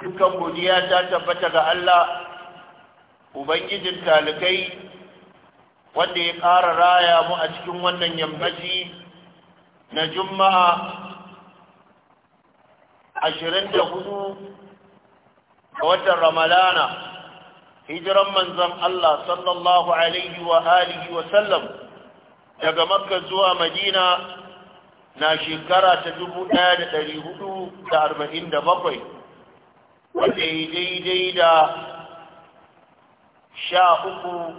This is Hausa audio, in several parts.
dukkan godiya ta tabbata ga Allah ubangijin talikai wanda ya ƙara raya mu a cikin wannan yammaci na juma'a 24 ga watan ramalana hijiran manzan Allah sallallahu alaihi wa alihi wa sallam daga makka zuwa madina na shekara ta 1447 wanda daidai da sha uku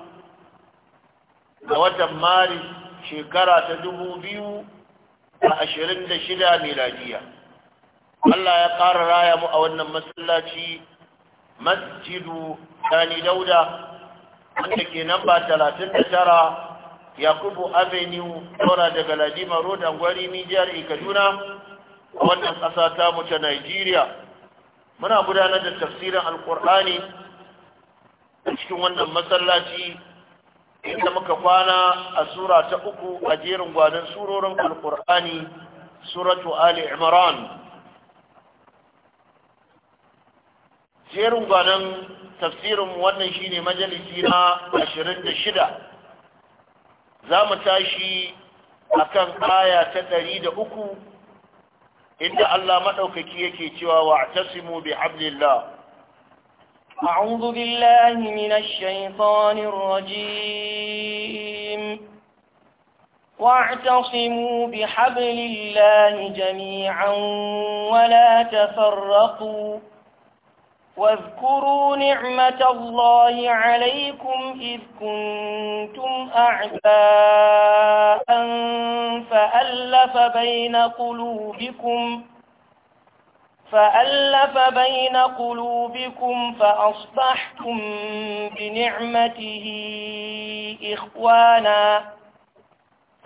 ga watan maris shekara ta dubu biyu da ashirin da shida miladiya Allah ya ƙara raya mu a wannan masallaci masjidu sani dauda wanda ke namba talatin da tara yakubu avenue tora daga ladima road angwari mijiyar kaduna a wannan ƙasata tamu ta nigeria muna gudanar da tafsirin alkur'ani a cikin wannan masallaci inda muka kwana a sura ta uku a jerin gwanin surorin alkur'ani suratu ali imran jerin gwanin tafsirin wannan shine majalisi na 26 za mu tashi akan aya ta ɗari da uku. inda Allah madaukaki yake cewa wa'tasimu bihablillah a'udhu billahi minash shaitanir rajim واعتصموا بحبل الله جميعا ولا تفرقوا واذكروا نعمة الله عليكم إذ كنتم أعداء فألف بين قلوبكم فألف بين قلوبكم فأصبحتم بنعمته إخواناً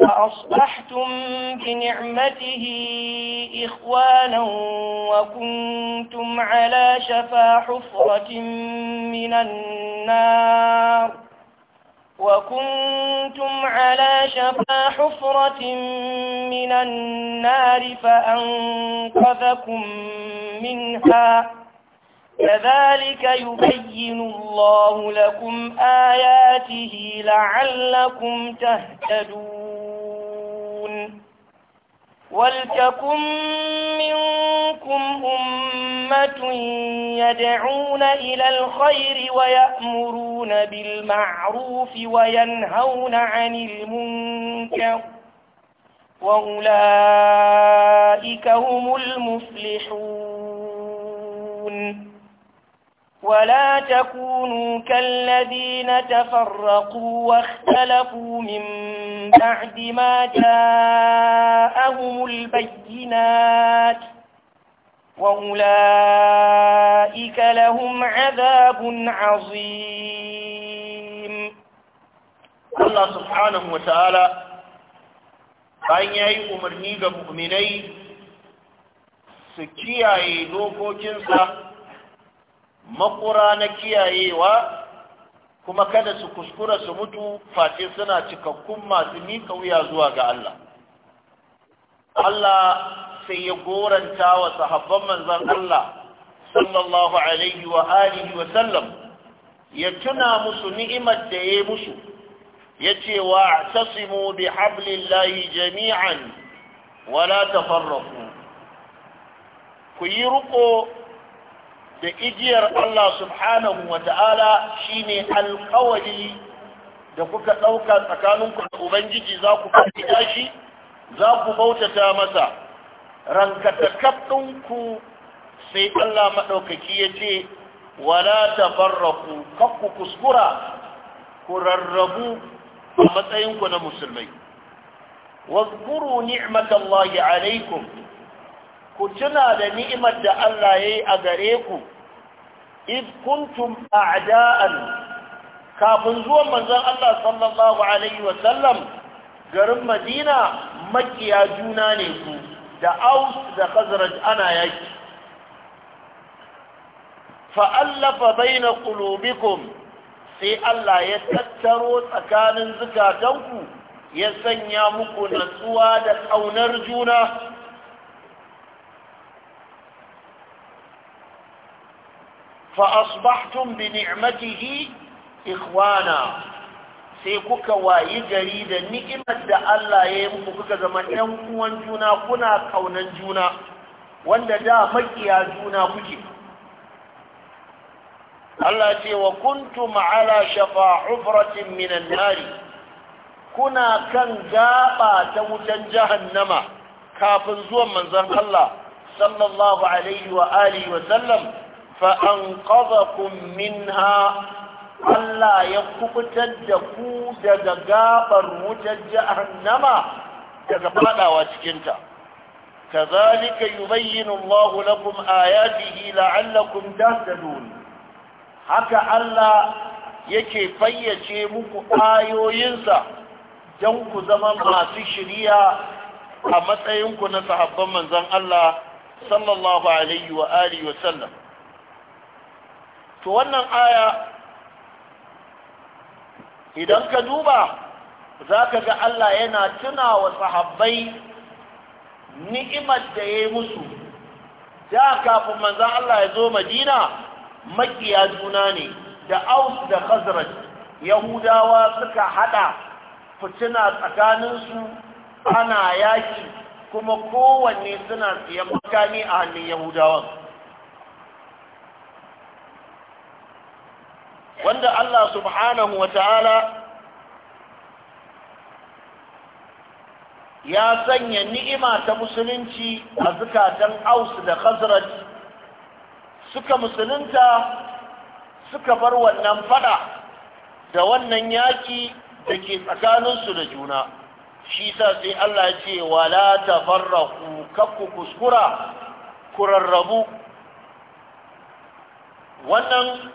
فأصبحتم بنعمته إخوانا وكنتم على شفا حفرة من النار وكنتم على شفا حفرة من النار فأنقذكم منها كذلك يبين الله لكم آياته لعلكم تهتدون ولتكن منكم أمة يدعون إلى الخير ويأمرون بالمعروف وينهون عن المنكر وأولئك هم المفلحون ولا تكونوا كالذين تفرقوا واختلفوا من بعد ما جاءهم البينات وأولئك لهم عذاب عظيم الله سبحانه وتعالى فإن يأيه yi مؤمنين ga mu'minai su makura na kiyayewa kuma kada su kuskura su mutu face suna cikakkun masu miƙa wuya zuwa ga Allah Allah sai ya goranta wa sahabban manzon Allah sallallahu alaihi wa alihi wa sallam ya tuna musu ni'imar da ya musu ya ce wa tasimu bi hablillahi jami'an wala tafarraku ku yi ruko. da igiyar Allah subhanahu wa ta'ala shine alƙawari da kuka ɗauka tsakaninku da Ubangiji za ku fahimta shi za ku bautata masa rankatakaɗinku sai Allah maɗaukaki ya ce wala tafarraku kakku kuskura ku rarrabu a matsayinku na musulmai wazkuru ni'matallahi alaikum ku tuna da ni'imar da Allah ya yi a gare ku id kuntum a'da'an kafin zuwan manzon Allah sallallahu alaihi wa sallam garin Madina maƙiya juna ne ku da Aus da Khazraj ana yaki fa allafa baina qulubikum sai Allah ya tattaro tsakanin zukatanku ya sanya muku natsuwa da ƙaunar juna Fa فأصبحتم بنعمته إخوانا sai kuka wayi gari da ni'imar da Allah ya yi muku kuka zama 'yan uwan juna kuna kaunan juna wanda da makiya juna kuke Allah ce wa kuntum ala shafa hufratin minan kuna kan gaba ta wutan jahannama kafin zuwa manzon Allah sallallahu فأنقذكم منها ألا يكبتر دكو دقابر متجهنم دقبالا واتكنتا كذلك يبين الله لكم آياته لعلكم تهتدون حكى ألا yake fayyace muku ayoyinsa don ku zama masu shiriya a matsayinku na sahabban manzon Allah sallallahu alaihi wa alihi wa sallam to wannan aya idan ka duba za ka ga Allah yana tuna wa sahabbai ni'imar da ya yi musu da kafin manzan Allah ya zo madina makiya juna ne da aus da khazraj yahudawa suka hada fitina tsakaninsu ana yaki kuma kowanne suna siyan makami a hannun yahudawan wanda Allah subhanahu wa ta'ala ya sanya ni'ima ta musulunci a zukatan aus da khazraj suka musulunta suka bar wannan fada da wannan yaƙi da ke tsakaninsu da juna shi sa sai Allah ce wala tafarraku kakku kuskura kurarrabu wannan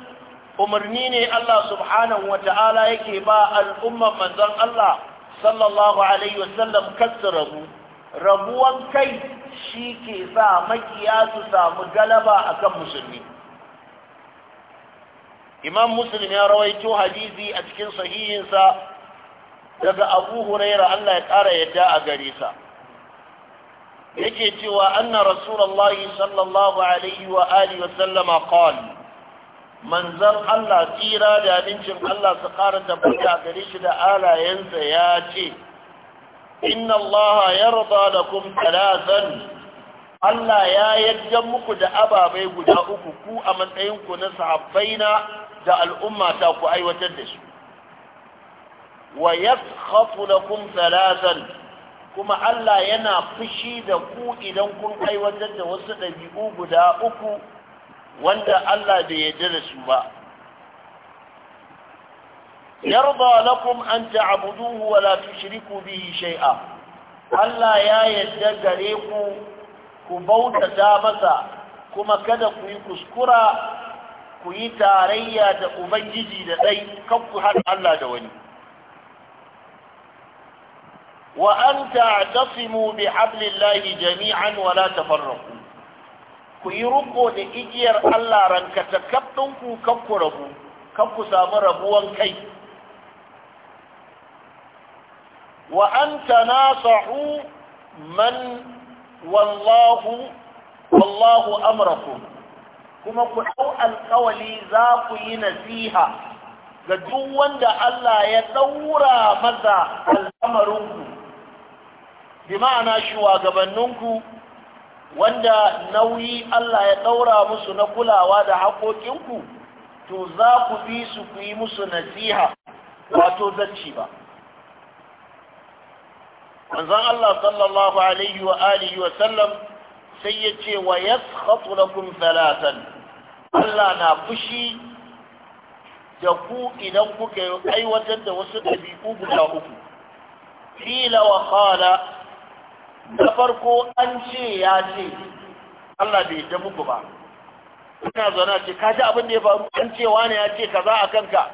umarni ne Allah subhanahu ta'ala yake ba al'umman manzon Allah sallallahu alaihi wasallam kasu rabu rabuwan kai shi ke sa makiya su samu galaba akan musulmi imam muslim ya rawaito hadisi a cikin sahihinsa daga abu huraira Allah ya ƙara yadda a gare sa yake cewa anna rasulullahi sallallahu alaihi wa alihi wa sallama qala manzan Allah tsira da abincin Allah su ƙara a gare shi da alayensa ya ce inna Allah ya raba da kum Allah ya yadda muku da ababai guda uku ku a matsayinku na sahabbaina da al'umma ta ku aiwatar da su wa yaskhafu da talatan kuma Allah yana fushi da ku idan kun aiwatar da wasu ɗabi'u guda uku wanda Allah bai yarda da su ba yarda lakum an ta'buduhu wa la tushriku bihi shay'a Allah ya yarda gare ku ku bautata masa kuma kada ku yi kuskura ku yi tarayya da ubangiji da dai kan ku haɗa Allah da wani wa an ta'tasimu bi hablillahi jami'an wa la tafarraqu ku yi ruko da igiyar Allah rankata kaɗinku kan ku rabu samu rabuwan kai wa an sahu man wallahu wallahu kuma ku ɗau alkawali za ku yi nasiha ga duk wanda Allah ya ɗaura maza al'amarinku bi ma'ana shugabanninku wanda nauyi Allah ya ɗaura musu na kulawa da haƙoƙinku to za ku bi su ku yi musu nasiha wato zacci ba manzan Allah sallallahu alaihi wa alihi wa sallam sai ya ce wa na lakum thalathan Allah na fushi da ku idan kuka aiwatar da wasu ɗabi'u guda uku qila wa da farko an ce ya ce Allah bai da muku ba ina zauna ce ka ji abin da ya faru an ce wani ya ce kaza a kanka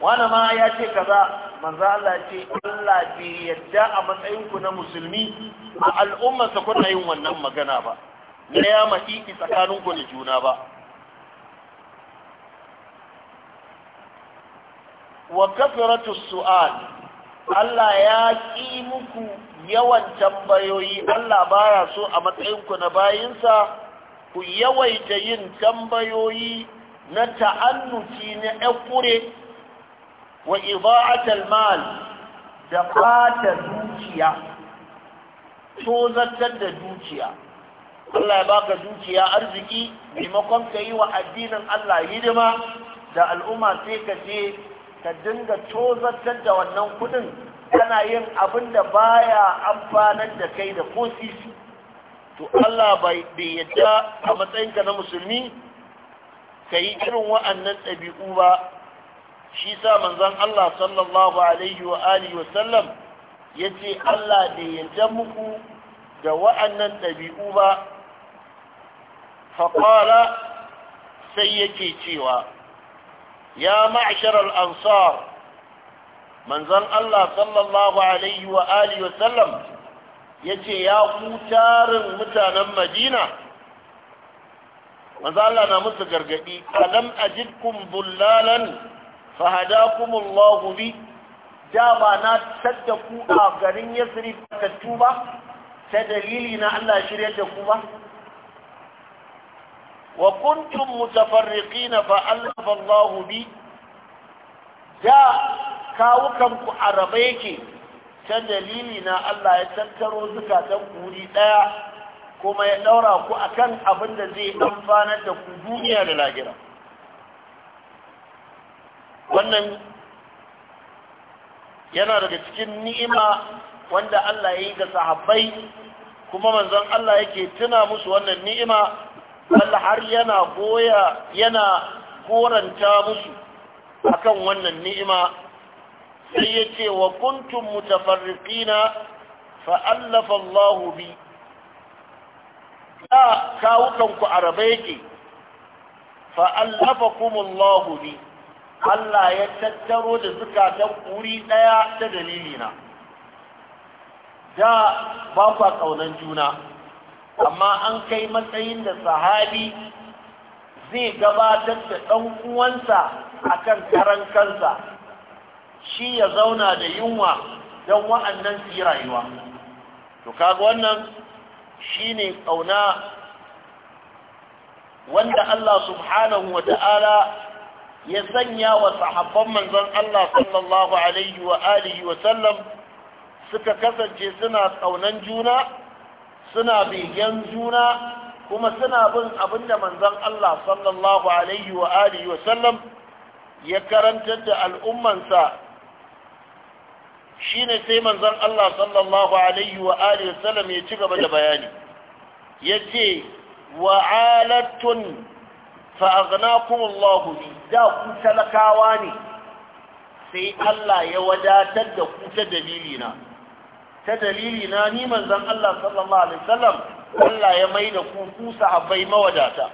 wani ma ya ce kaza manzo Allah ce Allah bai yadda a matsayin ku na musulmi a su kuna yin wannan magana ba na ya maƙiƙi tsakanin ku da juna ba wa kafaratu su'al Allah ya ƙi muku yawan tambayoyi Allah baya so a matsayinku na bayinsa ku yawaita yin tambayoyi na ta'annuci na ƴakure wa iba'atal mal da fata dukiya tozartar da dukiya Allah ya baka dukiya arziki maimakon ka yi wa addinin Allah hidima da al'umma sai ka je ka dinga tozartar da wannan kudin kana yin abin da baya amfanar da kai da kosisi to Allah bai yadda a matsayinka na musulmi ka yi irin wa'annan ɗabi'u ba shi sa manzon Allah sallallahu alaihi wa alihi wa sallam ya ce Allah bai yadda muku da wa'annan ɗabi'u ba faƙara sai yake cewa ya ma'ashar al'ansar manzan Allah sallallahu alaihi wa wasallam ya ce ya ku tarin mutanen madina manzan Allah na musu gargaɗi alam ajidkum bullalan fahadakumullahu bi ba na tadda ku a garin yasrib tattu ba ta dalili na Allah shirya da ku ba wa kuntum mutafarriqina fa na Allahu bi da kawukan ku a raba yake ta dalili na Allah ya tattaro zukatan ku wuri ɗaya kuma ya daura ku akan abin da zai amfanar da ku duniya da lahira wannan yana daga cikin ni'ima wanda Allah ya yi ga sahabbai kuma manzon Allah yake tuna musu wannan ni'ima bal har yana goya yana koranta musu akan wannan ni'ima sai ya ce wa kuntum mutafarriqina fa allafa Allah bi da kawukan ku arabe yake fa allafakum Allah bi Allah ya tattaro da zukatan kuri daya ta dalilina da ba ku kaunan juna amma an kai matsayin da sahabi zai gabatar da ɗan uwansa a kan karan kansa shi ya zauna da yunwa don wa'annan su yi rayuwa to kaga wannan shi ne ƙauna wanda Allah subhanahu wa ta'ala ya sanya wa sahabban manzon Allah sallallahu alaihi wa alihi wa sallam suka kasance suna ƙaunan juna suna begen juna kuma suna bin abin da manzon Allah sallallahu alaihi wa alihi wa sallam ya karantar da al'ummansa shi ne sai manzon Allah sallallahu alaihi wa alihi wa sallam ya ci gaba da bayani Ya yace wa'alatun fa aghnakum Allah bi da ku talakawa ne sai Allah ya wadatar da ku ta dalilina ta dalili na ni manzon Allah sallallahu alaihi wasallam Allah ya mai da ku ku mawadata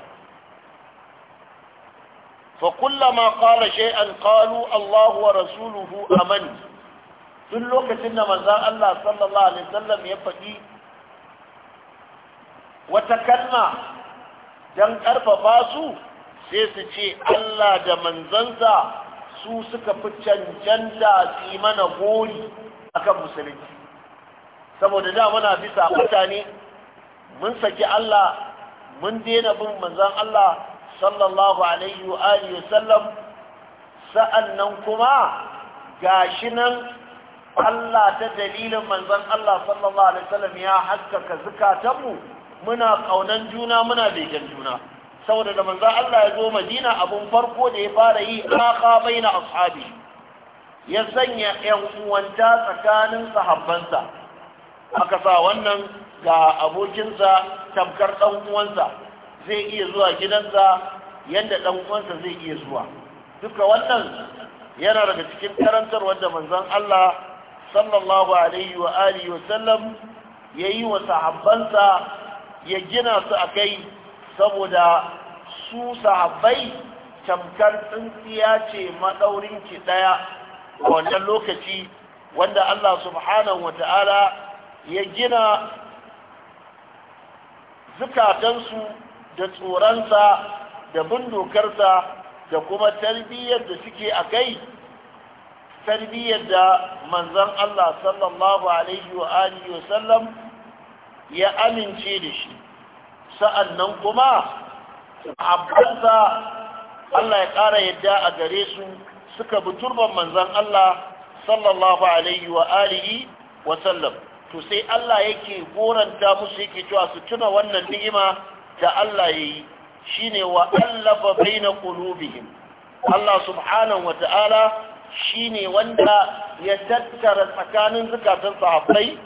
fa kullama qala shay'an qalu Allah wa rasuluhu aman duk lokacin da manzon Allah sallallahu alaihi wasallam ya faɗi wata kalma dan karfafa su sai su ce Allah da manzansa su suka fi cancanta su mana gori akan musulunci saboda da muna bisa mutane mun saki Allah mun daina bin manzon Allah sallallahu alaihi wa alihi sallam sa'annan kuma gashi nan Allah ta dalilin manzon Allah sallallahu alaihi wasallam ya haskaka zukatanmu muna kaunan juna muna begen juna saboda da manzon Allah ya zo Madina abun farko da ya fara yi aka baina ashabi ya sanya 'yan uwanta tsakanin sahabbansa aka sa wannan ga abokinsa tamkar ɗan uwansa zai iya zuwa gidansa yadda ɗan uwansa zai iya zuwa duka wannan yana daga cikin karantar wanda manzon Allah sallallahu alaihi wa alihi wa sallam yi wa sahabbansa ya gina su a kai, saboda su sahabbai tamkar tsintsiya ce maɗaurinki ɗaya. a wannan lokaci wanda Allah subhanahu wa ta'ala ya gina zukatansu da tsoronsa da bindokarsa da kuma tarbiyyar da suke a kai tarbiyyar da manzan Allah sallallahu alaihi waSallam ya amince da shi sa'annan kuma abbansa Allah ya ƙara yadda a gare su suka bi turban manzan Allah sallallahu alaihi wa alihi to sai Allah yake goranta musu yake cewa su tuna wannan ni'ima da Allah yayi shine wa allafa baina qulubihim Allah subhanahu wa ta'ala shine wanda ya tattara tsakanin zakatun sahabbai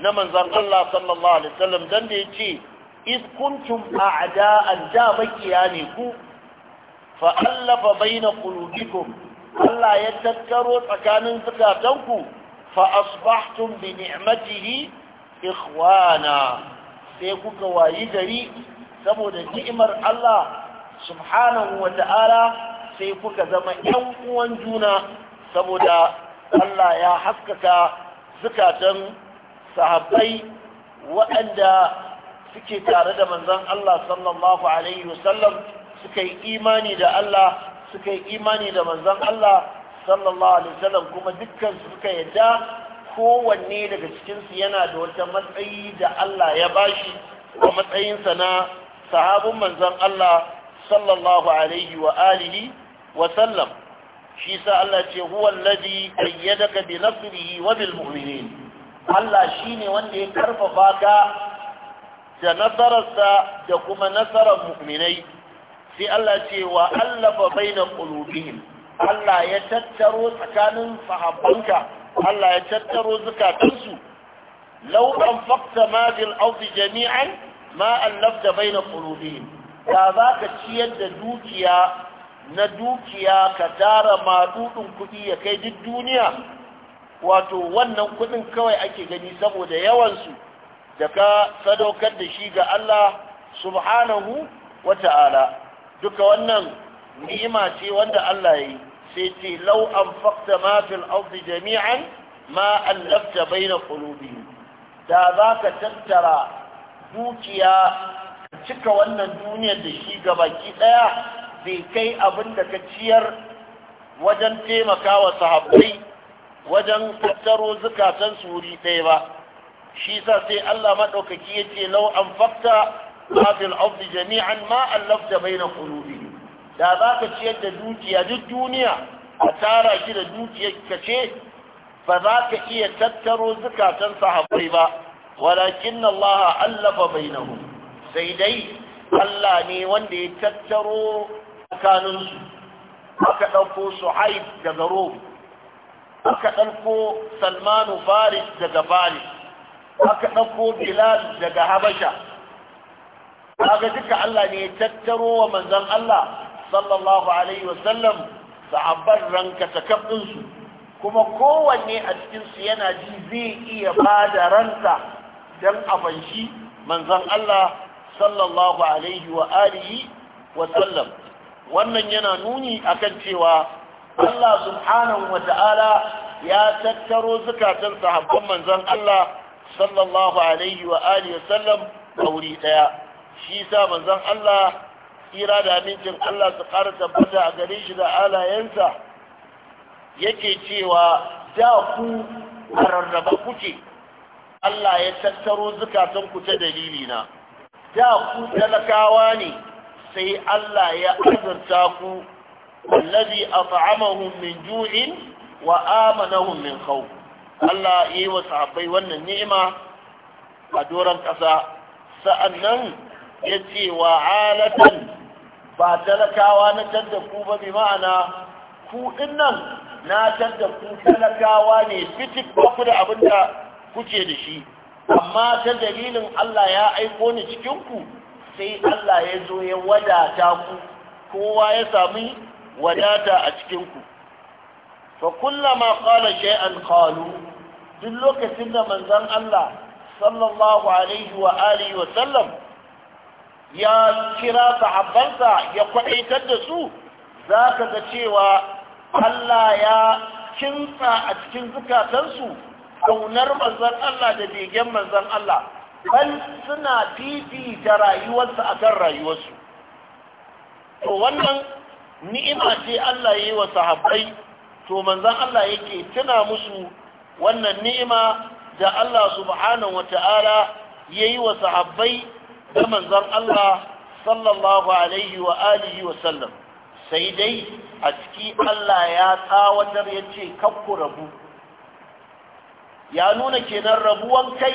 na manzon Allah sallallahu alaihi wasallam dan da yace iz kuntum a'da'an da bakiya ne ku fa allafa baina qulubikum Allah ya tattaro tsakanin zakatanku فأصبحتم بنعمته إخوانا سيكوك وايدري سبود نعمر الله سبحانه وتعالى سيكوك زما ينقوا جونا سبود الله يا حسكك زكاة صحابي وأن suke tare da manzon Allah sallallahu alaihi wasallam suka yi imani da Allah suka yi imani da manzon Allah sallallahu alaihi wasallam kuma dukkan su suka yadda kowanne daga cikinsu yana da wata matsayi da Allah ya bashi a matsayinsa na sahabin manzon Allah sallallahu alaihi wa alihi wa sallam shi sa Allah ce huwa allazi ayyadaka bi nasrihi wa bil mu'minin Allah shine wanda ya karfafa ka da nasararsa da kuma nasarar mu'minai sai Allah ce wa allafa baina qulubihim Allah ya tattaro tsakanin sahabbanka Allah ya tattaro zukatansu law anfaqta ma fil ardi jami'an ma allafta baina qulubihim da za ka ciyar da dukiya na dukiya ka tara madudin kuɗi ya kai duk duniya wato wannan kuɗin kawai ake gani saboda yawansu da ka sadaukar da shi ga Allah subhanahu wa ta'ala duka wannan ni'ima ce wanda Allah ya yi sai ce lau an fakta ma fil ardi jami'an ma allafta baina qulubihim da za ka tattara dukiya cika wannan duniyar da shi ki daya bai kai abin da ka ciyar wajen taimaka wa sahabbai wajen tattaro zukatan suri ɗaya ba shi sa sai Allah maɗaukaki ya ce lau an fakta ma ardi jami'an ma allafta baina qulubihim da za ka ciyar da dukiya duk duniya a tara shi da dukiyar ka ce ba za ka iya tattaro zukatan sahabbai ba walakin Allah allafa bainahu sai dai Allah ne wanda ya tattaro tsakaninsu aka ɗauko Suhaib daga Rome aka ɗauko Salmanu Faris daga Faris aka ɗauko Bilal daga Habasha kaga duka Allah ne ya tattaro wa manzon Allah sallallahu alaihi wasallam sahabban ranka takabbinsu kuma kowanne a cikinsu yana ji zai iya ba da ransa don a fanshi manzon Allah sallallahu alaihi wa alihi wa sallam wannan yana nuni akan cewa Allah subhanahu wa ta'ala ya tattaro zukatan sahabban Manzan Allah sallallahu alaihi wa alihi wa sallam a wuri daya shi sa Manzan Allah tsira da amincin Allah su ƙara tabbata a gare shi da alayensa yake cewa da ku a rarraba kuke Allah ya tattaro zukatanku ta dalili na da ku talakawa ne sai Allah ya azurta ku wallazi at'amahum min ju'in wa amanahum min khawf Allah yi wa sahabbai wannan ni'ima a doron ƙasa sa'annan ya ce wa alatan ba talakawa na tadda ku ba bi ma'ana ku nan na tadda ku talakawa ne fitik ba ku da abin da kuke da shi amma ta dalilin Allah ya aiko ni cikinku sai Allah ya zo ya wadata ku kowa ya sami wadata a cikinku fa kullama qala shay'an qalu duk lokacin da manzon Allah sallallahu alaihi wa alihi wa sallam ya kira sahabbansa ya kwa'itar da su za ka ga cewa Allah ya kinsa a cikin zukatansu kaunar manzan Allah da begen manzan Allah bal suna fifita rayuwarsa a kan rayuwarsu to wannan ni'ima ce Allah ya yi wa sahabbai to manzan Allah yake tuna musu wannan ni'ima da Allah subhanahu wa ta'ala ya yi wa sahabbai da manzon Allah sallallahu alaihi wa alihi wa sallam sai dai a ciki Allah ya tsawatar ya ce kakku rabu ya nuna kenan rabuwan kai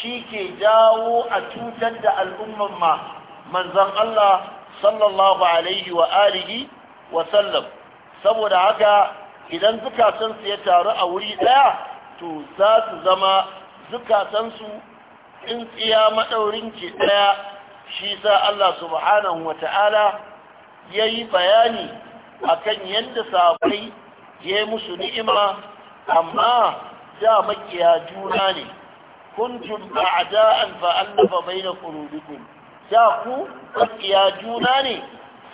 shi ke jawo a cutar da al'umman ma manzon Allah sallallahu alaihi wa alihi wa sallam saboda haka idan zukatansu ya taru a wuri ɗaya to za su zama zukatansu in maɗaurin maɗaurinki ɗaya shi sa Allah subhanahu wa ta'ala ya yi bayani a kan yadda sabai ya yi musu ni'ima amma da makiya juna ne kuntum bai bai baina qulubikum da ku makiya juna ne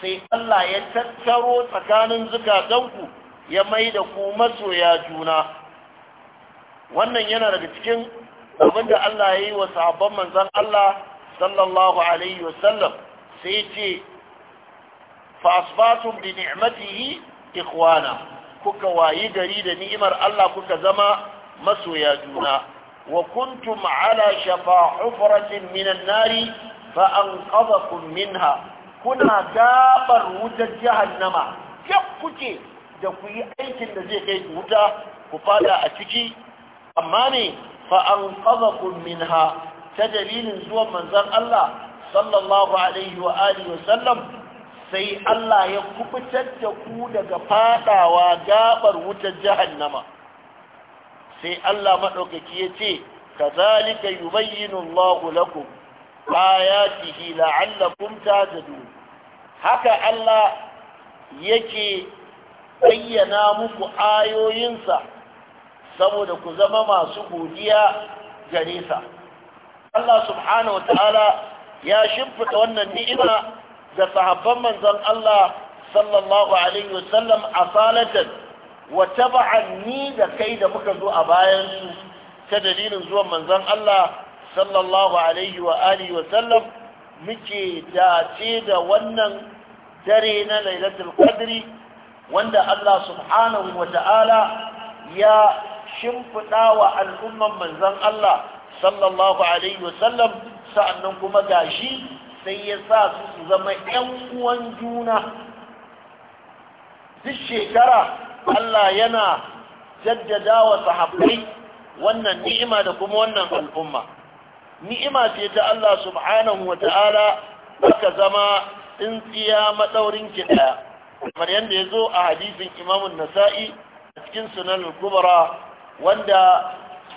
sai Allah ya tattaro tsakanin zukatanku ya mai da ku masoya juna wannan yana daga cikin abin da Allah ya yi wa sabon manzan Allah sallallahu alaihi wasallam sai ce fasbatun bi ni'matihi ikwana kuka wayi gari da ni'imar Allah kuka zama masoya juna wa kuntum ala shafa hufratin minan nari fa anqadhakum minha kuna gabar wutar jahannama ya kuke da ku yi aikin da zai kai wuta ku fada a ciki amma ne فأنقذكم منها تدليل زوى منزل الله صلى الله عليه وآله وسلم sai Allah ya kubutar da ku daga faɗawa gaɓar wutar jahannama sai Allah madaukaki ya ce kazalika yubayyinu Allahu lakum ayatihi ta tahtadun haka Allah yake bayyana muku ayoyinsa saboda ku zama masu godiya gare sa Allah subhanahu wataala ya shimfida wannan ni'ima ga sahabban manzon Allah sallallahu alaihi wasallam asalatan wa taba'an ni da kai da muka zo a bayan su ta dalilin zuwan manzon Allah sallallahu alaihi wa alihi wa muke dace da wannan dare na lailatul qadri wanda Allah subhanahu wa ya shimfiɗa wa al'umman manzan Allah sallallahu alaihi wasallam sa'annan kuma gashi sai ya sa su zama 'yan uwan juna duk shekara Allah yana jaddada wa sahabbai wannan ni'ima da kuma wannan al'umma ni'ima ce ta Allah subhanahu wa ta'ala aka zama tsintsiya matsaurin ki ɗaya kamar yadda ya zo a hadisin imamun nasa'i a cikin sunan kubra wanda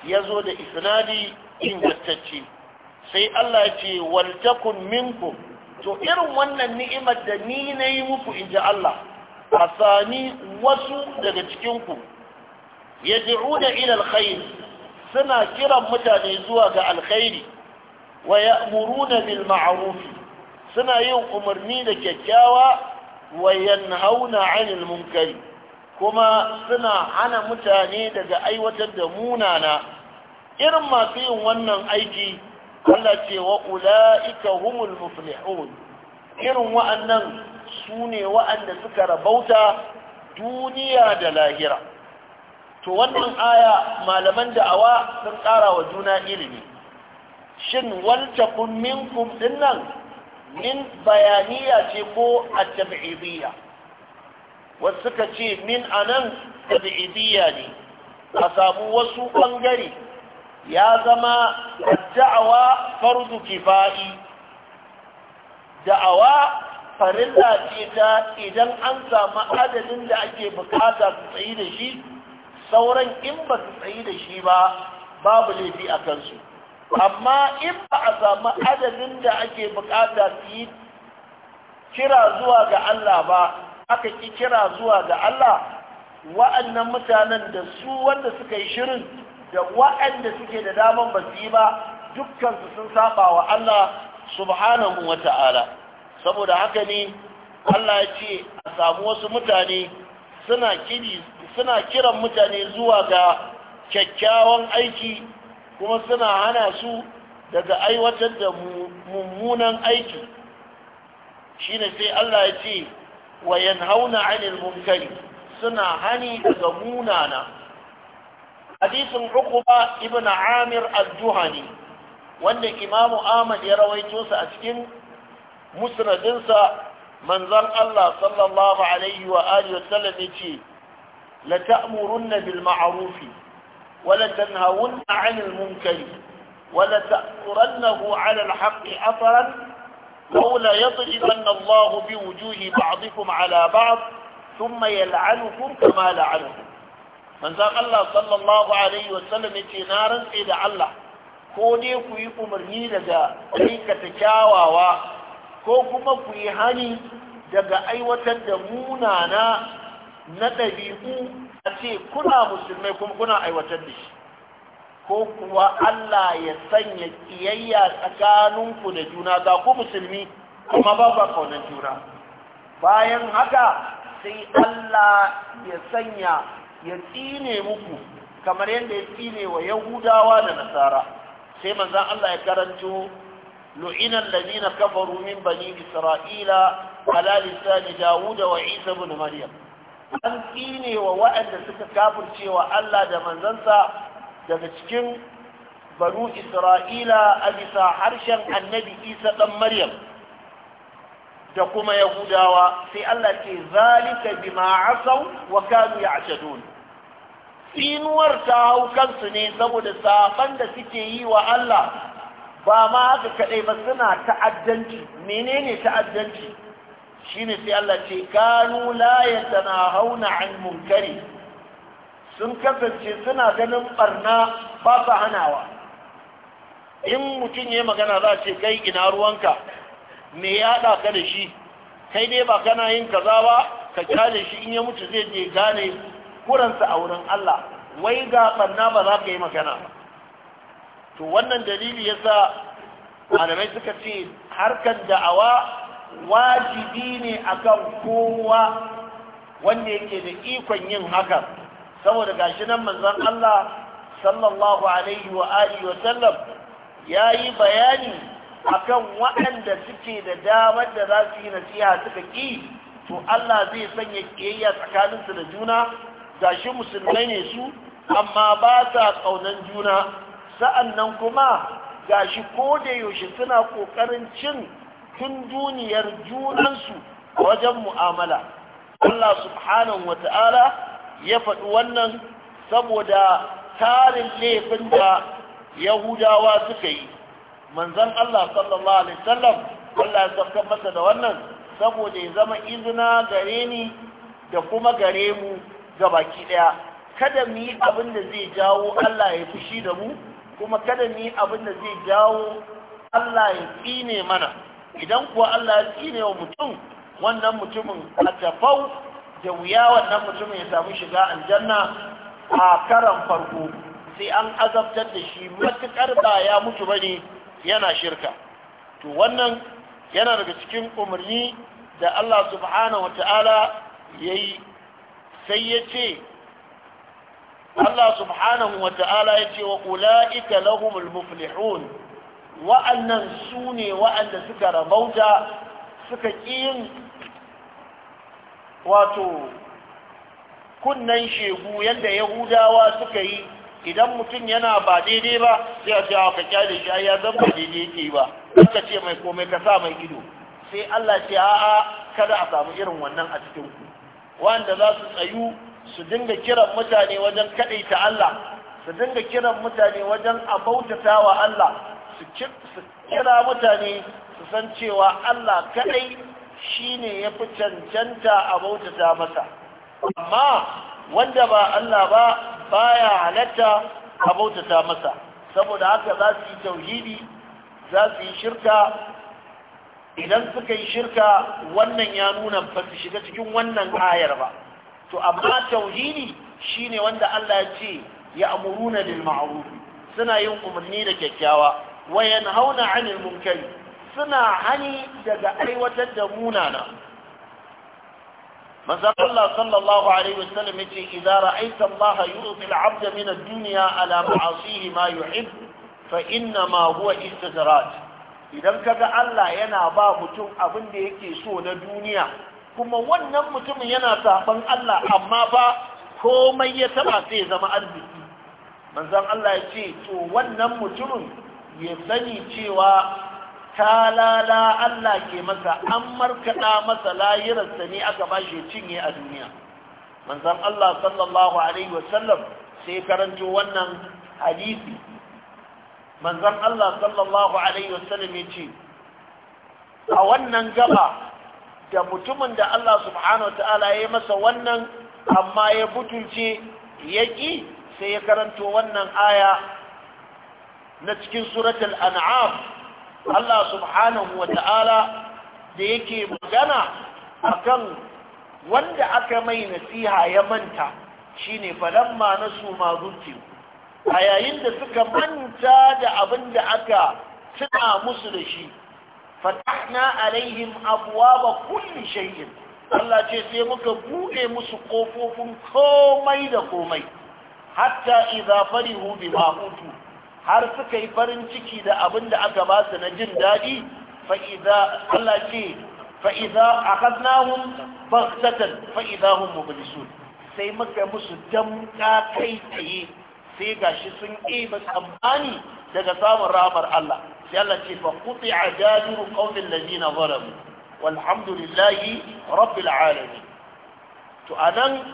ya zo da isnadi ingantacce sai Allah ya ce waltakun minkum to irin wannan ni'imar da ni na yi muku in ji Allah a wasu daga cikinku ya ji'u da ilal suna kiran mutane zuwa ga alkhairi wa ya'muruna bil ma'ruf suna yin umarni da kyakkyawa wa yanhauna 'anil munkari kuma suna hana mutane daga aiwatar da munana irin masu yin wannan aiki Allah ce wa ula'ika humul muflihun irin wa'annan su ne wa'anda suka rabauta duniya da lahira to wannan aya malaman da'awa sun tsara wa juna ilimi shin waltakun minkum nan? min bayaniya ce ko a tabi'idiyya wasu suka ce min anan tabi'idiyya ne a samu wasu ɓangare ya zama da'awa fardu kifa'i da'awa farilla ce ta idan an samu adadin da ake bukata su tsayi da shi sauran in ba su tsayi da shi ba babu laifi a kansu amma in ba a samu adadin da ake bukata su yi kira zuwa ga Allah ba aka ki kira zuwa ga Allah wa'annan mutanen da su wanda suka yi shirin da wa'anda suke da daman ba yi ba dukkansu sun saba wa Allah subhanahu wa ta'ala saboda haka ne Allah ya ce a samu wasu mutane suna kiran mutane zuwa ga kyakkyawan aiki kuma suna hana su daga aiwatar da mummunan aiki shine sai Allah ya ce wa hauna 'anil munkari suna hani daga munana hadisin Uqba ibn Amir al-Juhani wanda imamu Ahmad ya rawaito sa a cikin musnadinsa manzon Allah sallallahu alaihi wa alihi wa sallam yace la ta'murunna bil ma'ruf wa la tanhawunna 'anil munkari wa la ta'murannahu 'ala al-haqqi لولا يضربن الله بوجوه بعضكم على بعض ثم يلعنكم كما لعنكم من ذاق الله صلى الله عليه وسلم يتي إلى الله ko dai ku yi umarni daga aikata kyawawa ko kuma ku yi hani daga aiwatar da munana na ɗabi'u a ce kuna musulmai kuma kuna aiwatar da shi ko kuwa Allah ya sanya kiyayya tsakaninku da juna za ku musulmi kuma ba ba kaunar juna bayan haka sai Allah ya sanya ya tsine muku kamar yadda ya tsine wa yahudawa da nasara sai manzan Allah ya karanto lu'inan ladina kafaru min bani isra'ila ala lisani dawud wa isa maryam an tsine wa waɗanda suka kafircewa Allah da manzansa daga cikin banu isra'ila a bisa harshen annabi isa ɗan maryam da kuma yahudawa sai allah ce zalika bima asau wa kanu ya'tadun tsinuwar ta hau kansu ne saboda saban da suke yi wa allah ba ma haka kaɗai ba suna ta'addanci menene ta'addanci shine sai allah ce kanu la yatanahawna an munkari sun kasance suna ganin barna ba su hanawa in mutum ya magana za ce kai ina ruwanka me ya haɗa ka da shi kai dai ba kana yin kaza ba ka kyale shi in ya mutu zai je gane kuransa a wurin Allah wai ga barna ba za ka yi magana ba to wannan dalili ya sa malamai suka ce harkar da'awa wajibi ne akan kowa wanda yake da ikon yin hakan saboda gashi nan manzon Allah sallallahu alaihi wa alihi wa sallam yayi bayani akan waɗanda suke da damar da za su yi nasiha suka ki to Allah zai sanya kiyayya tsakaninsu da juna gashi musulmai ne su amma ba sa kaunan juna sa'annan kuma gashi ko da yaushe suna ƙoƙarin cin tun duniyar junansu wajen mu'amala Allah subhanahu wa ta'ala ya faɗi wannan saboda tarin laifin da yahudawa suka yi manzan Allah sallallahu alaihi wasallam Allah ya masa da wannan saboda ya zama izina gare ni da kuma gare mu ga baki ɗaya kada mu yi abin da zai jawo Allah ya fushi da mu kuma kada mu yi abin da zai jawo Allah ya tsine mana idan kuwa Allah ya tsine wa mutum wannan mutumin a tafau da wuya wannan mutumin ya samu shiga aljanna a karan farko sai an azabtar da shi matuƙar ba ya mutu bane yana shirka to wannan yana daga cikin umarni da Allah subhanahu wa ta'ala ya yi sai ya ce Allah subhanahu wa ta'ala ya ce wa ula'ika lahumul muflihun wa'annan su ne wa'anda suka rabauta suka ƙi yin wato kunnan shegu yadda yahudawa suka yi idan mutum yana ba daidai ba sai a cewa ah, ka kyale shi ya zan ba daidai yake ba ka ce mai komai ka sa mai ido sai Allah ce a'a kada a samu irin wannan a cikin ku wanda za su tsayu su dinga kiran mutane wajen ta Allah su dinga kiran mutane wajen bautata wa Allah su kira mutane su san cewa Allah kaɗai. shine ya fi cancanta a bautata masa amma wanda ba Allah ba baya halatta a bautata masa saboda haka za su yi tauhidi za su yi shirka idan suka yi shirka wannan ya nuna ba su shiga cikin wannan ayar ba to amma tauhidi shine wanda Allah ya ce ya amuruna lil ma'ruf suna yin umarni da kyakkyawa wa yanhauna 'anil munkari suna hani daga aiwatar da munana manzon Allah sallallahu alaihi wasallam yace idza ra'aita Allah yu'ti al-'abd min ad-dunya ala ma'asihi ma yuhib fa inna ma huwa istidrak idan kaga Allah yana ba mutum abin da yake so na duniya kuma wannan mutumin yana saban Allah amma ba komai ya taba sai zama arziki manzon Allah yace to wannan mutumin ya sani cewa talala Allah ke masa an markaɗa masa layirarsa ne aka ba shi cinye a duniya manzan Allah sallallahu Alaihi wasallam sai karanto wannan hadisi manzan Allah sallallahu Alaihi wasallam ya ce a wannan gaba da mutumin da Allah subhanahu ta'ala ya masa wannan amma ya butulce ya ƙi sai ya karanto wannan aya na cikin suratul an'am Allah subhanahu wa ta'ala da yake magana akan wanda aka mai nasiha ya manta shine falamma nasu ma zuci a yayin da suka manta da abin da aka tuna musu da shi fatahna alaihim ba kulli shay'in Allah ce sai muka bude musu ƙofofin komai da komai hatta idza farihu bima hutu. har suka yi farin ciki da abin da aka ba su na jin daɗi fa'iza Allah ce fa'iza a hannahun baktatan fa'iza hun mubilisun sai muka musu damka kai tsaye sai gashi sun ɗeba tsammani daga samun ramar Allah sai Allah ce fa kuti a jajiru ƙaunin lalina zaramu walhamdulillahi rabbil alamin to nan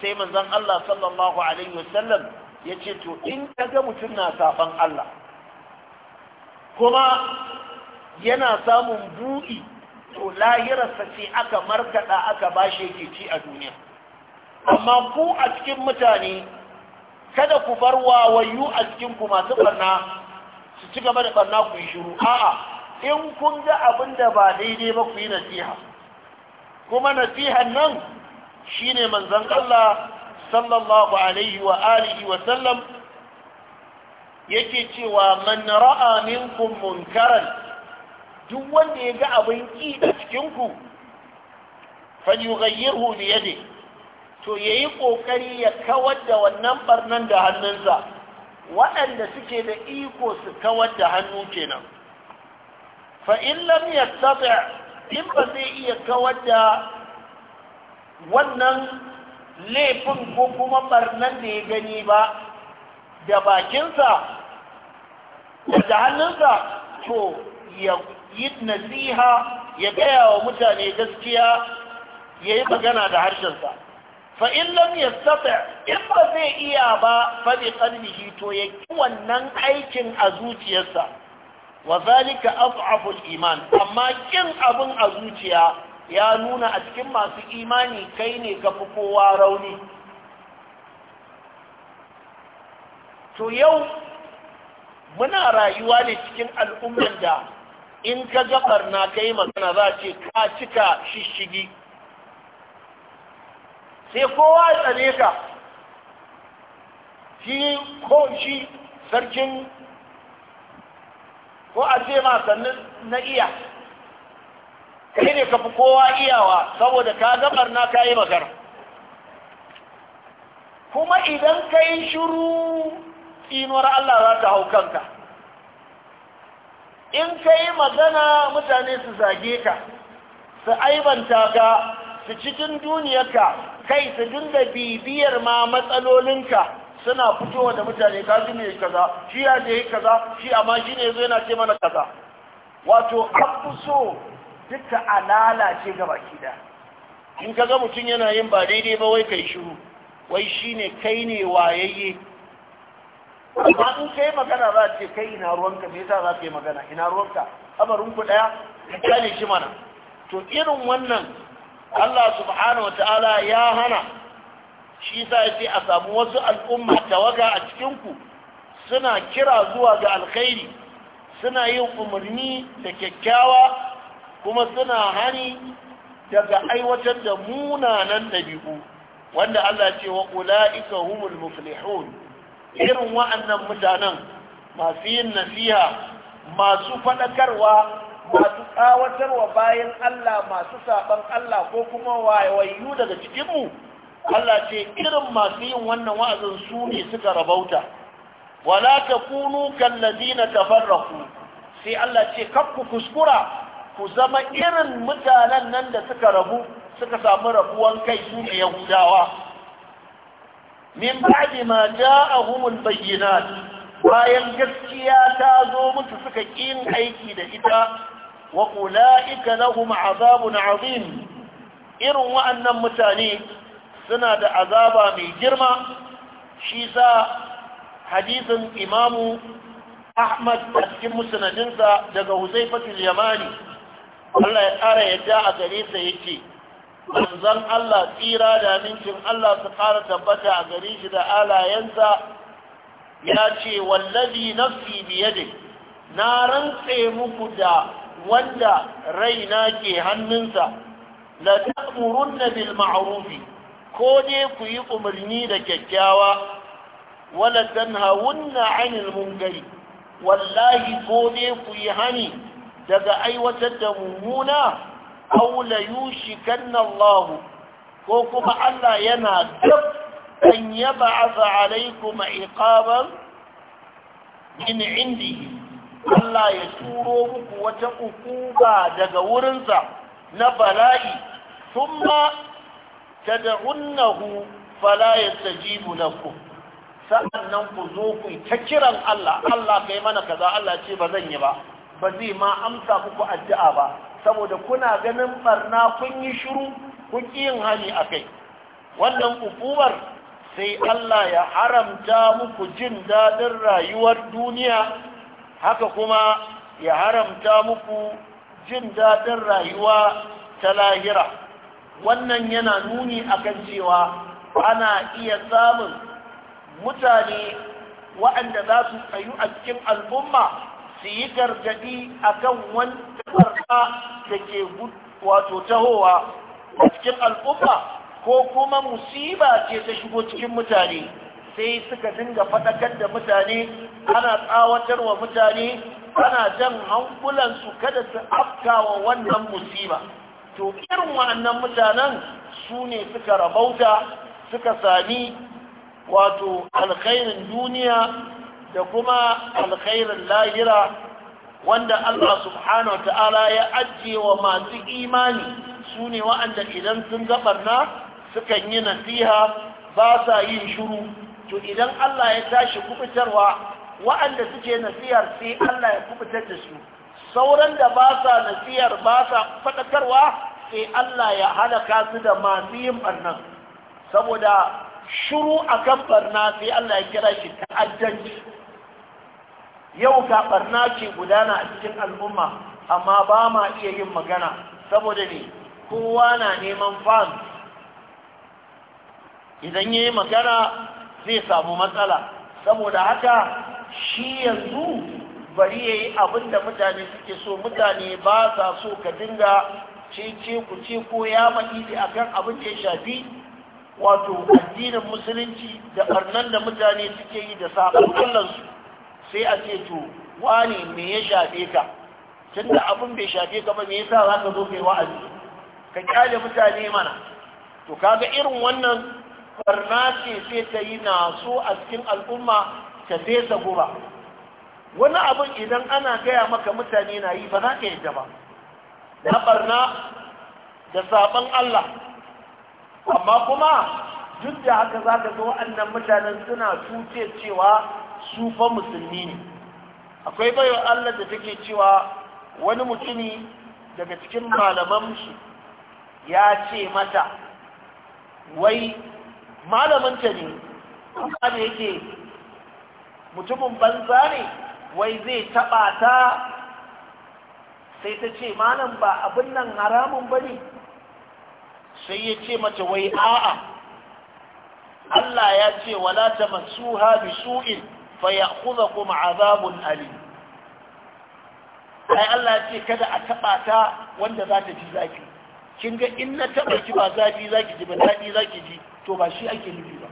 sai manzon Allah sallallahu alaihi wasallam ya ce to in kaga ga mutum na saban Allah kuma yana samun buɗi to lahirarsa ce aka markaɗa aka bashe ke a duniya amma ku a cikin mutane kada ku bar wawayu a cikinku masu barna su ci gaba da barna ku yi shiru a'a in kun ga abin da ba daidai ba ku yi nasiha kuma nasihan nan shine manzon Allah sallallahu alaihi wa alihi wa sallam yake cewa man ra'a minkum munkaran duk wanda ya ga abin ki da cikin ku falyughayyirhu bi yadi to yayi kokari ya kawar da wannan barnan da hannunsa waɗanda suke da iko su kawar da hannu kenan fa in lam yastati in ba zai iya kawar da wannan laifin ko kuma barnan da ya gani ba da bakinsa da hannunsa to ya yi nasiha ya gaya wa mutane gaskiya ya yi magana da harshensa fa'in lam ya sata in ba zai iya ba faɗi ƙarfishi to ya ki wannan aikin a zuciyarsa wa zalika af'aful iman amma kin abin a zuciya ya nuna a cikin masu imani kai ne ga fukowa kowa rauni to yau muna rayuwa ne cikin al'ummar da in ka gabar na kai magana za ce ka cika shishigi sai kowa ya tsane ka shi ko shi sarkin ko a ce masannin na iya kai ne ka fi kowa iyawa saboda ka gabar na ka yi magana kuma idan ka yi shiru tsinuwar Allah za ta hau kanka in ka yi magana mutane su zage ka su aibanta ka su cikin duniyarka kai su dinga bibiyar ma matsalolinka suna fitowa da mutane ka ji ne kaza shi ya je kaza shi amma shi ne zo yana ce mana kaza wato abu so duka a lalace gaba kida in ka ga mutum yana yin ba daidai ba wai kai shiru wai shine kai ne wayayye amma in kai magana za ce kai ina ruwanka me yasa za ka yi magana ina ruwanka amarin ku daya ka kane shi mana to irin wannan Allah subhanahu wataala ya hana shi sa ce a samu wasu al'umma tawaga a cikin ku suna kira zuwa ga alkhairi suna yin umarni da kyakkyawa kuma suna hani daga aiwatar da munanan dabi'u wanda Allah ce wa ula'ika humul muflihun irin wa'annan mutanen masu yin nasiha masu faɗakarwa masu ƙawatarwa bayan Allah masu saɓan Allah ko kuma wayayu daga cikinmu Allah ce irin masu yin wannan wa'azin su ne suka rabauta wala takunu kallazina tafarraqu sai Allah ce kakku kuskura ku zama irin mutanen nan da suka rabu suka samu rabuwan kai su ne yahudawa min ba'di ma ja'ahumul bayyinat bayan gaskiya ta zo musu suka kin aiki da ita wa ulaika lahum azabun azim irin wa'annan mutane suna da azaba mai girma shi sa hadisin imamu Ahmad a cikin musnadinsa daga Huzaifatul Yamani Allah ya ƙara yadda a gare sa yake manzon Allah tsira da amincin Allah su ƙara tabbata a gare shi da alayensa ya ce wallazi nafsi biyade na rantse muku da wanda raina ke hannunsa la ta'murunna bil ma'arufi ko dai ku yi umarni da kyakkyawa wala tanhawunna 'anil munkari wallahi ko dai ku yi hani daga aiwatar da mummuna aw yushi yushikanna ko kuma Allah yana dab an yab'atha alaikum iqaban min indihi Allah ya turo muku wata ukuba daga wurinsa na bala'i thumma tad'unnahu fala yastajibu lakum sa'annan ku zo ku ta kiran Allah Allah kai mana kaza Allah ce ba zan yi ba ba zai ma amsa muku addu'a ba saboda kuna ganin barna kun yi shiru kun yin hani a kai wannan ukuwar, sai Allah ya haramta muku jin daɗin rayuwar duniya haka kuma ya haramta muku jin daɗin rayuwa ta lahira wannan yana nuni akan cewa ana iya samun mutane waɗanda za su tsayu a cikin al'umma su yi gargadi akan wani barka da ke wato tahowa a cikin al'umma ko kuma musiba ce ta shigo cikin mutane sai suka dinga faɗakar da mutane ana tsawatar wa mutane ana jan hankulansu kada su afkawa wannan musiba to irin wa'annan mutanen su ne suka rabauta suka sami wato alkhairin duniya da kuma alkhairin lahira wanda Allah subhanahu wa ta'ala ya ajiye wa masu imani su ne wa'anda idan sun gabarna sukan yi nasiha ba sa yin shuru to idan Allah ya tashi kubutarwa wa'anda suke nasihar sai Allah ya kubutar da su sauran da ba sa nasihar ba sa faɗakarwa sai Allah ya halaka su da masu yin barnan saboda shuru akan barna sai Allah ya kira shi ta'addanci yau ga barna ce gudana a cikin al'umma amma ba ma iya yin magana saboda ne kowa na neman fam idan ya yi magana zai samu matsala saboda haka shi yanzu bari ya yi abin da mutane suke so mutane ba sa so ka dinga cece ku ce ko ya maɗi a kan abin da ya shafi wato addinin musulunci da ɓarnan da mutane suke yi da sabon kullansu sai a ce to wani me ya shafe ka tun da abin bai shafe ka ba me yasa za ka zo kai wa'azi ka kyale mutane mana to kaga irin wannan barna ce sai ta yi su a cikin al'umma ta fesa guba wani abin idan ana gaya maka mutane na yi ba za ka yadda ba na barna da sabon Allah amma kuma duk da haka za ka zo wa'annan mutanen suna cuce cewa Sufan musulmi ne akwai baiwa Allah da take cewa wani mutumi daga cikin malaman shi ya ce mata wai malamanta ne Kuma da yake mutumin banza ne wai zai taɓa ta sai ta ce malam ba abin nan haramun ba ne sai ya ce mata wai a'a Allah ya ce wala ta masu ha bi su'in fayakhudhukum azabun Ali. ai Allah ce kada a taba ta wanda za ta ji zaki kin ga in na taba ki ba zafi zaki ji ba dadi zaki ji to ba shi ake nufi ba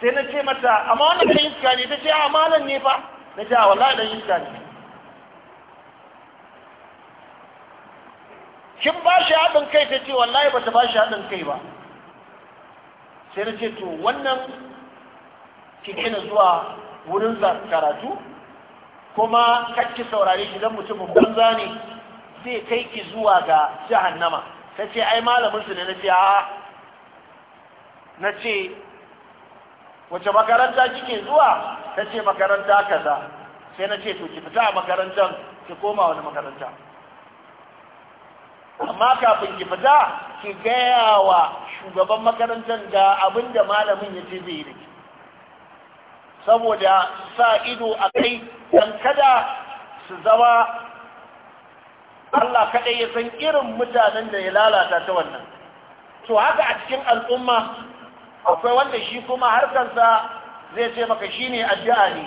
sai na ce mata amma wannan kai iska ne ta ce a malan ne fa na ce a wallahi dan iska ne kin ba shi haɗin kai ta ce wallahi ba ta ba shi haɗin kai ba sai na ce to wannan ki gina zuwa wurin karatu kuma ki saurare shi dan mutumin banza ne zai kai ki zuwa ga jahannama ta ce ai malamin su ne na ce a na ce wace makaranta kike zuwa ta ce makaranta kaza sai na ce to ki fita a makarantar ki koma wani makaranta amma kafin ki fita ki gaya wa shugaban makarantar ga abin da malamin ya ce zai yi da saboda sa ido a kai don kada su zama Allah kaɗai ya san irin mutanen da ya lalata ta wannan to haka a cikin al'umma akwai wanda shi kuma harkarsa zai ce maka shi ne addu'a ne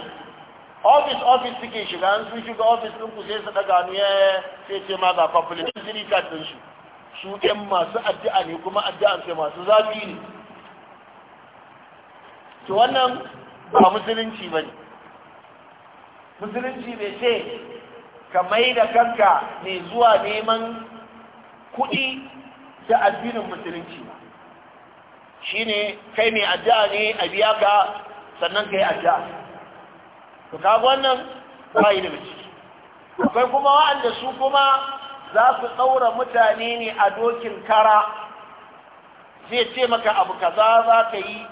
ofis ofis suke shiga an sun shiga ofis ɗinku sai su ɗaga ya eh, sai ce ma ga publicity card ɗinsu su ɗin masu addu'a ne kuma addu'a sai masu zafi ne to wannan ba musulunci ba ne musulunci bai ce ka mai da kanka mai zuwa neman kuɗi da addinin musulunci ba shi ne kai mai addu'a ne a biya ka sannan kai yi addu'a to kaga wannan ba yi da mace akwai kuma wa'anda su kuma za su ɗaura mutane ne a dokin kara zai ce maka abu kaza za ka yi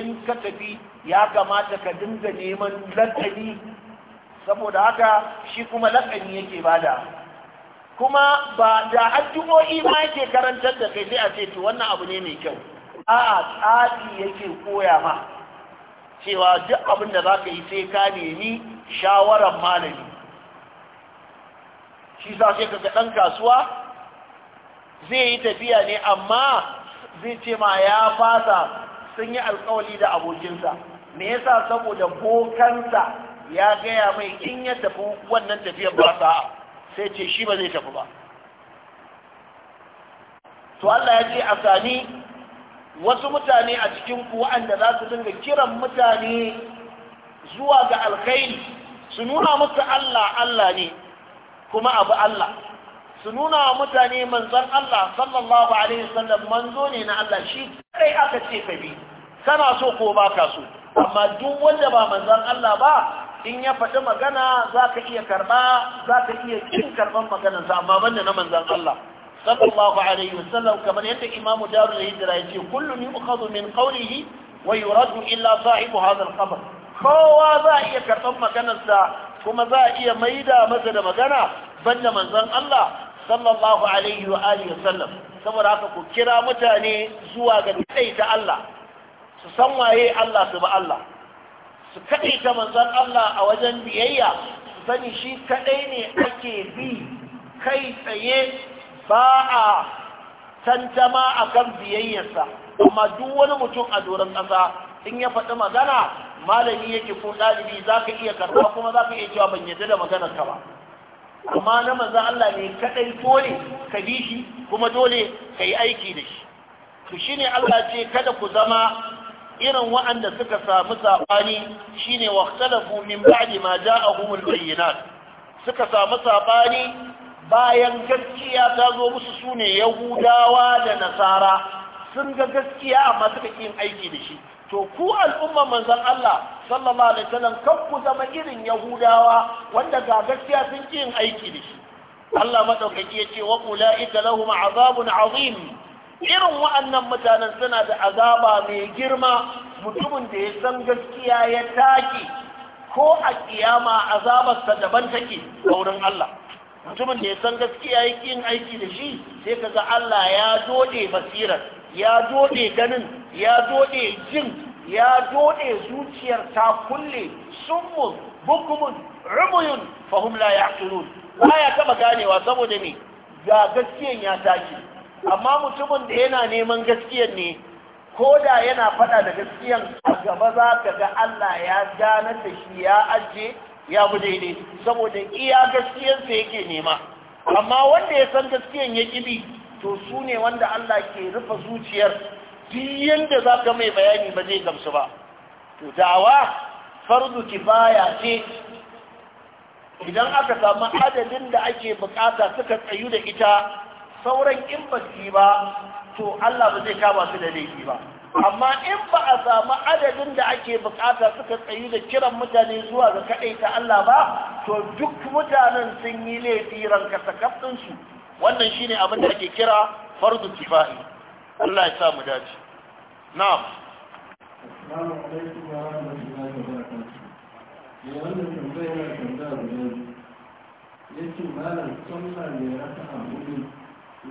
in ka tafi ya kamata ka dinga neman lakani saboda haka shi kuma lakani yake bada kuma ba da addu'o'i ma yake karantar da kai sai a ce to wannan abu ne mai kyau a'a tsari yake koya ma cewa duk abin da zaka yi sai ka nemi shawarar malami shi sa sai ka dan kasuwa zai yi tafiya ne amma zai ce ma ya fasa sun yi alkawali da abokinsa me yasa saboda bokansa ya gaya mai in ya tafi wannan tafiyar ba sa'a sai ce shi ba zai tafi ba to Allah ya ce a sani wasu mutane a cikin kuwa da za su dinga kiran mutane zuwa ga alkhairi su nuna musu Allah Allah ne kuma abu Allah su nuna wa mutane manzon Allah sallallahu alaihi wasallam manzo ne na Allah shi kai aka ce ka bi kana so ko baka ka so amma duk wanda ba manzan Allah ba in ya faɗi magana za ka iya karɓa za ka iya cin karɓar maganarsa amma banda na manzan Allah sallallahu alaihi wasallam kamar yadda Imam Darul Hijra yace kullum yu'khadhu min qawlihi wa yuradu illa sahibu hadha al-qabr kowa za iya karɓar maganarsa kuma za a iya maida masa da magana banda manzan Allah sallallahu alaihi wa alihi wasallam saboda haka ku kira mutane zuwa ga ta Allah su san waye Allah su ba Allah su ta manzon Allah a wajen biyayya su sani shi kaɗai ne ake bi kai tsaye ba a tantama akan kan biyayyarsa amma duk wani mutum a doron kasa. in ya faɗi magana malami yake ko ɗalibi za ka iya karɓa kuma za ka iya cewa ban yarda da maganar ka ba amma na manzon Allah ne kaɗai dole ka bi shi kuma dole ka yi aiki da shi to shine Allah ce kada ku zama irin waɗanda suka samu sabani shine waqtalafu min ba'di ma ja'ahumul bayyinat suka samu saɓani bayan gaskiya ta zo musu sune yahudawa da nasara sun ga gaskiya amma suka yin aiki da shi to ku al'umma manzon Allah sallallahu alaihi wasallam kan ku zama irin yahudawa wanda ga gaskiya sun yin aiki da shi Allah madaukaki yace wa ulaika lahum azabun azim irin wa'annan mutanen suna da azaba mai girma mutumin da ya san gaskiya ya take ko a kiyama azabarsa daban take a wurin Allah mutumin da ya san gaskiya ya yin aiki da shi sai kaga Allah ya dode basirar ya dode ganin ya dode jin ya dode zuciyar ta kulle summun bukumun rumuyun fahum la yaqilun ya taɓa ganewa saboda me ga gaskiyan ya take amma mutumin da yana neman gaskiyar ne ko da yana faɗa da gaskiyan a gaba za ka ga Allah ya gane da shi ya ajiye ya bi daidai saboda iya gaskiyarsa yake nema amma wanda ya san gaskiyan ya ƙi bi to su ne wanda Allah ke rufe zuciyar biyan da za ka mai bayani ba zai gamsu ba to dawa fardu kifaya ce idan aka samu adadin da ake bukata suka tsayu da ita sauran in ba su yi ba to Allah ba zai kama su da laifi ba amma in ba a samu adadin da ake bukata suka tsayu da kiran mutane zuwa ga ta Allah ba to duk mutanen sun yi laifi ranka su wannan shine abin da ake kira fardu kifa'i Allah ya sa mu dace na'am Assalamu alaikum wa rahmatullahi ta barakatuh. Ya eh, wannan tambaya tambaya ne. Yace malam sallah ne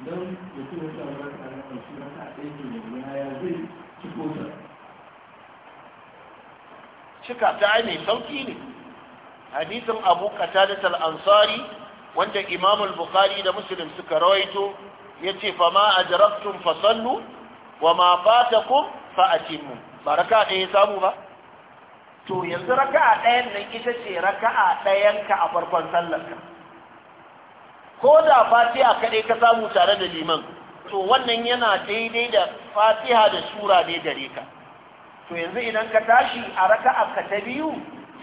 idan mutum ya samu raka na ƙarshe ɗaya ke ne ya zai ciko ta cika ta ai mai sauki ne hadisin abu qatadat da ansari wanda imamul bukhari da muslim suka rawaito ce fa ma a fa fasallu, wa ma ku fa atimmu baraka ɗaya samu ba to yanzu raka a ɗayan nan ita ce raka ɗayan ka a farkon sallar ka ko da fatiha kaɗai ka samu tare da liman to wannan yana daidai da fatiha da sura dai gare ka to yanzu idan ka tashi a raka'a ka ta biyu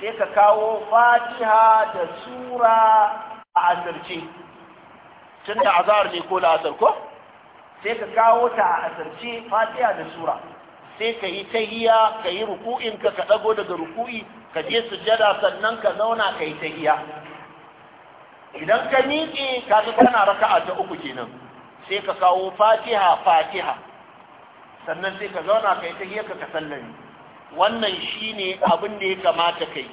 sai ka kawo fatiha da sura a asirce tun da azhar ne ko la'asar ko sai ka kawo ta a asirce fatiha da sura sai ka yi tahiya ka yi ruku'in ka ka ɗago daga ruku'i ka je sujada sannan ka zauna ka yi tahiya idan ka miƙe ka ga kana raka'a ta uku kenan sai ka kawo fatiha fatiha sannan sai ka zauna kai ta hiyar ka sallami wannan shine abin da ya kamata kai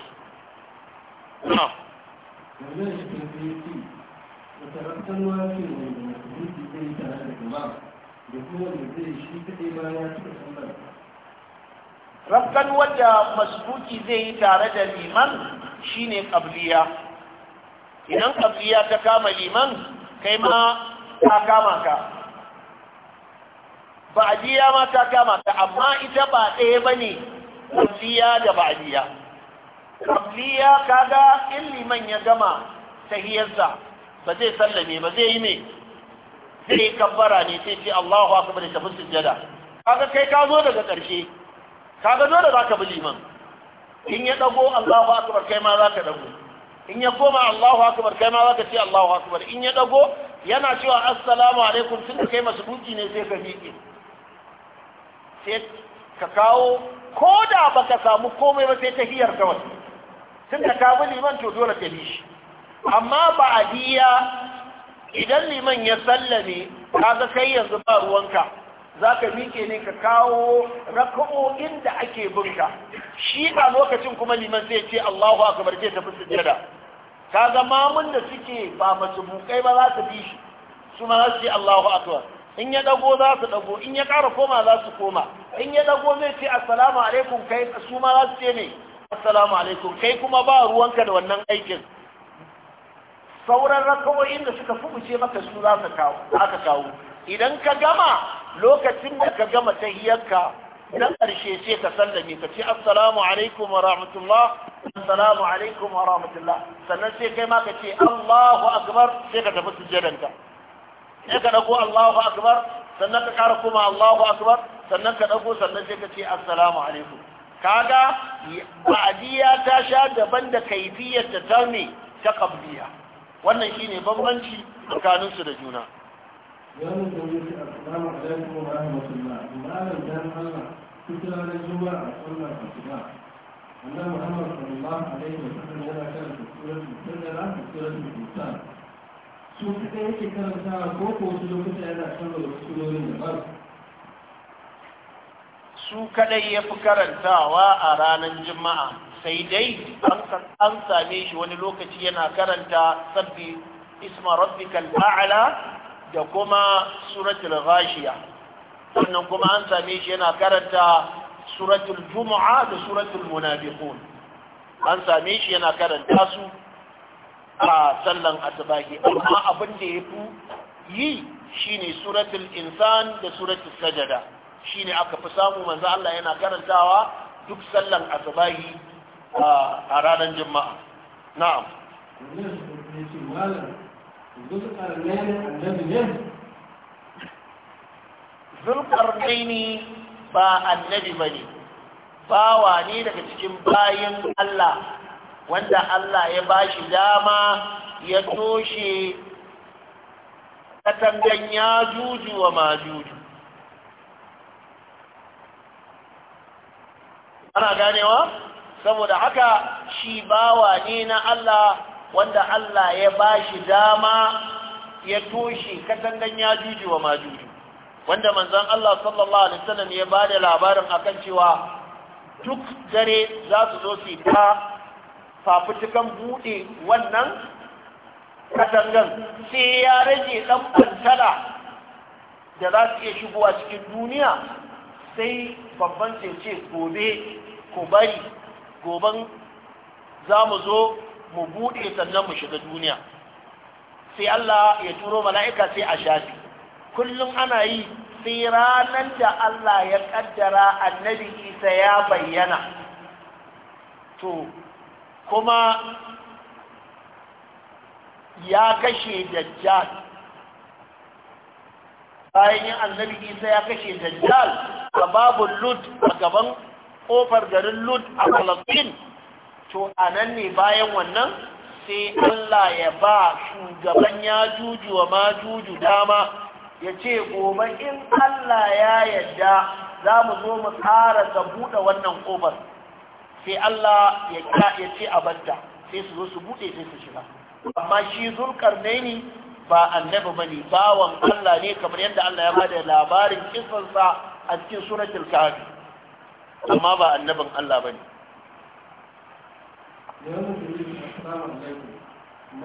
rafkan wadda masbuki zai yi tare da liman shine qabliya idan kabliya ta kama liman kai ma ta kama ka ajiya ma ta kama ka amma ita ba ɗaya ba ne kabliya da ba'diya kabliya kaga in liman ya gama sahiyarsa. ba zai sallame ba zai yi zai sai kabbara ne sai ce Allahu akbar da tafi sujjada kaga kai ka zo daga ƙarshe kaga dole ka bi liman in ya ɗago Allahu akbar kai ma za ka ɗago in ya koma Allahu akbar kai ma zaka ce Allahu akbar in ya dago yana cewa assalamu alaikum tun kai masu duki ne sai ka miƙe sai ka kawo ko da baka samu komai ba sai tahiyar kawai tun da ka bi liman to dole ta bi shi amma ba adiya idan liman ya sallame kaga kai yanzu ba ruwanka zaka miƙe ne ka kawo raka'o'in da ake binka shi a lokacin kuma liman zai ce Allahu akbar zai tafi sujjada Ka zama mamun da suke ba masu bukai ba za su bi shi su ma za su yi Allahu akbar in ya dago za su dago in ya ƙara koma za su koma in ya dago zai ce assalamu alaikum kai su ma za su ce ne assalamu alaikum kai kuma ba ruwanka da wannan aikin sauran rakawoyin da suka fi fubuce maka su za su kawo kawo idan ka gama lokacin da ka gama tahiyarka idan ƙarshe ce ka sallame ka ce assalamu alaikum wa rahmatullah assalamu alaikum wa rahmatullah sannan sai kai ma ka ce Allahu akbar sai ka tafi sujjadanka sai ka dago Allahu akbar sannan ka ƙara kuma Allahu akbar sannan ka dago sannan sai ka ce assalamu alaikum kaga ba'diya ta sha daban da kaifiyar ta tarmi ta qabliya wannan shine bambanci tsakaninsu da juna wani koyi su assalamu alaikum wa rahmatullah malam dan Allah kusa na juma'a a sallar asuba allah Muhammad sallallahu alaihi wa sallam yana karanta suratul sajda da suratul insan su kada yake karanta ko ko su lokuta yana karanta surorin da ba su kadai ya fi karantawa a ranar juma'a sai dai an same shi wani lokaci yana karanta sabbi isma rabbikal a'la da kuma suratul ghashiya sannan kuma an same shi yana karanta suratul jumu'a da suratul munafiqun an same shi yana karanta su a sallan asbahi amma abin da fi yi shine suratul insan da suratul sajada shine aka fi samu manzo Allah yana karantawa duk sallan asbahi a ranar juma'a na'am zulƙarnaini ba annabi ba ne bawa ne daga cikin bayan Allah wanda Allah ya ba shi dama ya toshe katangan ya juju wa ma juju ana ganewa saboda haka shi bawa ne na Allah wanda Allah ya bashi dama ya toshe katangan ya juji wa majuju wanda manzon Allah sallallahu alaihi wasallam ya bada labarin akan cewa duk dare za su zo su ta fafutukan bude wannan katangan sai ya rage ɗan kwantala da za su iya shigowa cikin duniya sai babban ce gobe ku bari goban za mu zo mu buɗe sannan mu shiga duniya sai Allah ya turo mala'ika sai a shafi kullum ana yi sai ranar da Allah ya ƙaddara annabi Isa ya bayyana to kuma ya kashe dajjal bayan yin annabi Isa ya kashe dajjal a babu lud a gaban ƙofar garin lud a Palestine to a ne bayan wannan sai Allah ya ba shugaban ya juju wa ma juju dama ya ce gobe in Allah ya yadda za mu zo mu tsara ta buɗe wannan ƙofar sai Allah ya ce a banta sai su zo su buɗe sai su shiga amma shi zulkarnaini ba annabi bane bawan Allah ne kamar yadda Allah ya bada labarin sa a cikin suratul kahfi amma ba annabin Allah bane yawon jirgin assalamu alaikum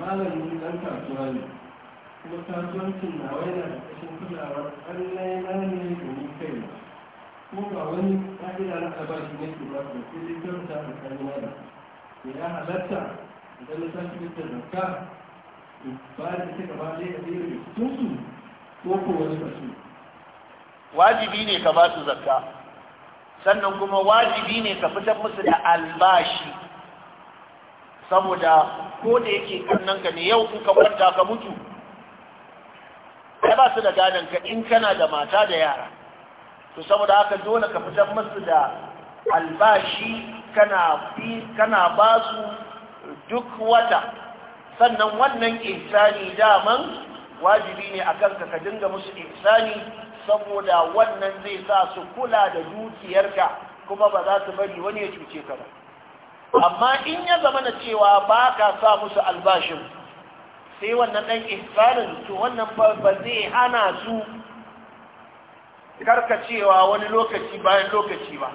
malamin dan kasuwa ne kuma kasuwancin na yana da kashin kulawar allai na ne domin kai ko ba wani ƙa'ida na abashi ne ke ba da sai kyauta a kanina da ya halatta idan na tashi fitar da ka ba da ta gaba ɗaya a ɗaya da cikinsu ko ko wani kasu wajibi ne ka ba su zakka sannan kuma wajibi ne ka fitar musu da albashi saboda ko da yake kannan ka ne yau ka kwanta ka mutu kai ba su da gadon ka in kana da mata da yara to saboda haka dole ka fitar musu da albashi kana fi kana ba su duk wata sannan wannan insani daman wajibi ne a kanka ka dinga musu insani, saboda wannan zai sa su kula da dukiyarka kuma ba za su bari wani ya cuce ka ba amma in ya zama na cewa ba ka sa musu albashin sai wannan ɗan ihsanin to wannan ba zai hana su karkacewa wani lokaci bayan lokaci ba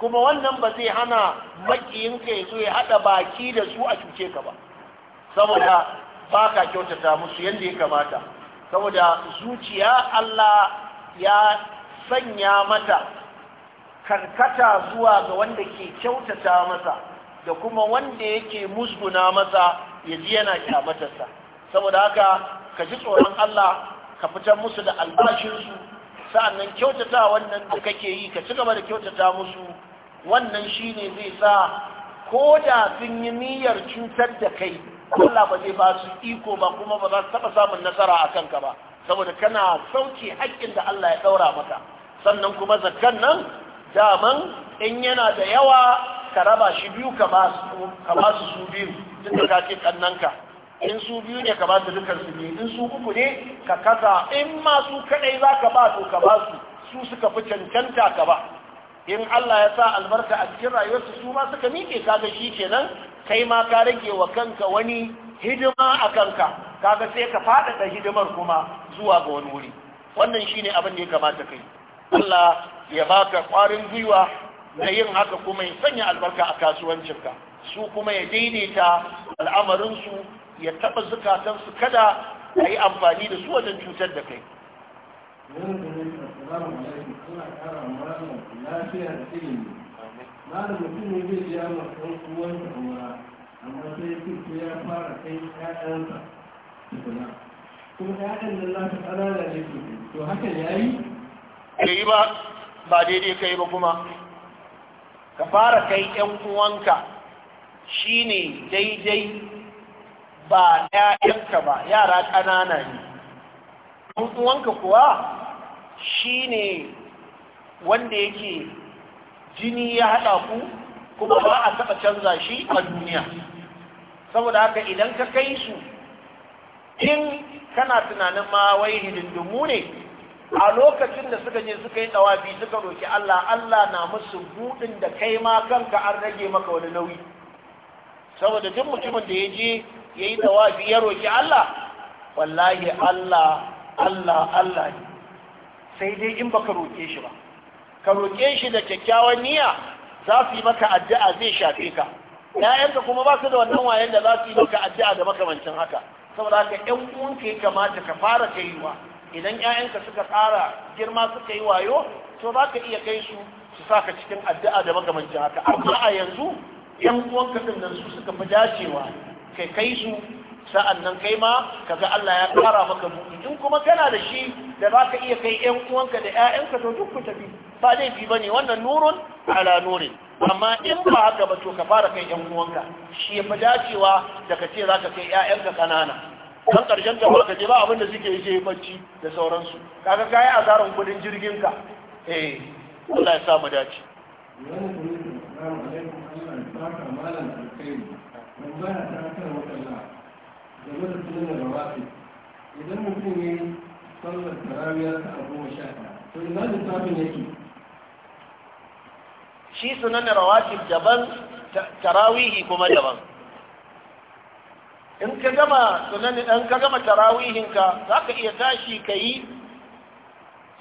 kuma wannan ba zai hana makiyinka ya zo ya haɗa baki da su a cuce ka ba saboda ba ka kyautata musu yadda ya kamata saboda zuciya Allah ya sanya mata karkata zuwa ga wanda ke kyautata masa da kuma wanda yake musguna masa ya ji yana kyamatarsa saboda haka ka ji tsoron Allah ka fita musu da albashinsu sa'annan kyautata wannan da kake yi ka ci gaba da kyautata musu wannan shine zai sa ko da sun yi niyyar cutar da kai Allah ba zai ba su iko ba kuma ba za su taɓa samun nasara a kanka ba saboda kana sauke haƙƙin da Allah ya ɗaura maka sannan kuma Zakan nan daman in yana da yawa ka raba shi biyu ka ba su su biyu tun ka ce kannanka in su biyu ne ka ba su dukkan su biyu in su uku ne ka kasa in ma su kadai za ka ba to ka ba su su suka fi cancanta ka ba in Allah ya sa albarka a cikin rayuwarsu su ma suka miƙe kaga shi kenan kai ma ka rage wa kanka wani hidima a kanka kaga sai ka faɗaɗa hidimar kuma zuwa ga wani wuri wannan shine abin da ya kamata kai Allah ya baka ƙwarin gwiwa na yin haka kuma ya sanya albarka a kasuwancinka su kuma ya daidaita al'amarinsu ya taɓa zukatansu kada a yi amfani da su wajen cutar da kai ba da ne zai kuma ta ƙanana ne to hakan ya yi? ba daidai kai ba kuma ka fara kai ‘yan uwanka shi ne daidai ba ‘ya'yanka ba yara ƙanana ne Ɗan uwanka kuwa shi ne wanda yake jini ya haɗa ku kuma ba a taɓa canza shi a duniya saboda haka idan ka kai su in kana tunanin ma wai hidindimu ne a lokacin da suka je suka yi tsawafi suka roki Allah Allah na musu budin da kai ma kanka an rage maka wani nauyi saboda duk mutumin da ya je ya yi tsawafi ya roki Allah wallahi Allah Allah Allah ne sai dai in baka roke shi ba ka roke shi da kyakkyawan niyya za su yi maka addu'a zai shafe ka ƴaƴanka kuma ba su da wannan wayan da za su yi maka addu'a da makamancin haka saboda haka ƴan uwanka ya kamata ka fara kaiwa idan 'ya'yanka suka ƙara girma suka yi wayo to za ka iya kai su su saka cikin addu'a da magamancin haka amma a yanzu yan uwanka din nan su suka fi dacewa kai kai su sa'an nan kai ma ka ga Allah ya ƙara maka buɗi in kuma kana da shi da za ka iya kai yan uwanka da 'ya'yanka to duk ku tafi ba zai ba ne wannan nurun ala nurin amma in ba haka ba to ka fara kai yan uwanka shi ya fi dacewa da ka ce za ka kai 'ya'yanka ƙanana don ƙarshen ta ka je ba abin da suke yi bacci da sauransu kaga kayi azarin kudin jirgin ka eh Allah ya sa mu dace idan mutum ya sallar ta sha to ina yake shi sunan rawatib daban tarawihi kuma daban in ka gama sunani dan ka gama tarawihin ka zaka iya tashi kai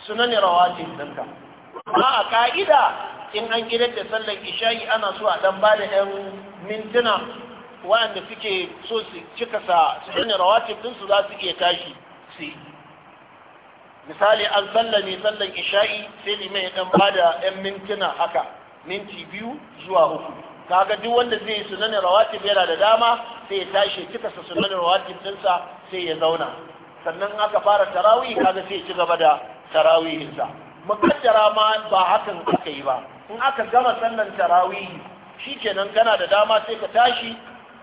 sunani rawatib ɗinka amma a ka'ida in an gidan da sallar isha'i ana so a dan bada ɗan mintuna wanda suke so su cika sa sunani rawatib din su za su iya tashi su misali an ne sallar isha'i sai limai ya dan bada ɗan mintuna haka minti biyu zuwa uku kaga duk wanda zai yi sunanin rawatib yana da dama sai ya tashi cika sa sunanin rawatib dinsa sai ya zauna sannan aka fara tarawih kaga sai ya ci gaba da tarawihinsa mukaddara ma ba hakan aka yi ba in aka gama sallan tarawih shikenan kana da dama sai ka tashi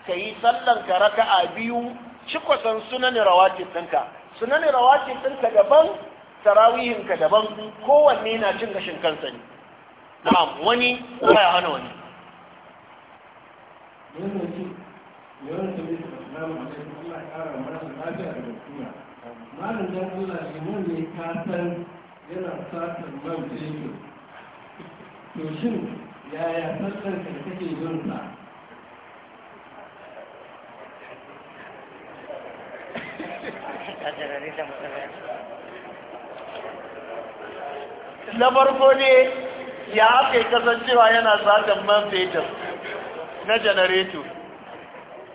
ka yi sallan ka raka'a biyu cikwasan sunanin rawatib ɗinka sunanin rawatib ɗinka daban tarawihinka daban kowanne na cin gashin kansa ne na'am wani ya hana wani yana ci yawan da bisa salamu alaikum Allah ya kara masa lafiya da mutuwa malam dan Allah liman ne ka san yana satar man jirgin to shin yaya sallar ka take yin sa na farko ne ya aka kasancewa yana satan man fetur na janareto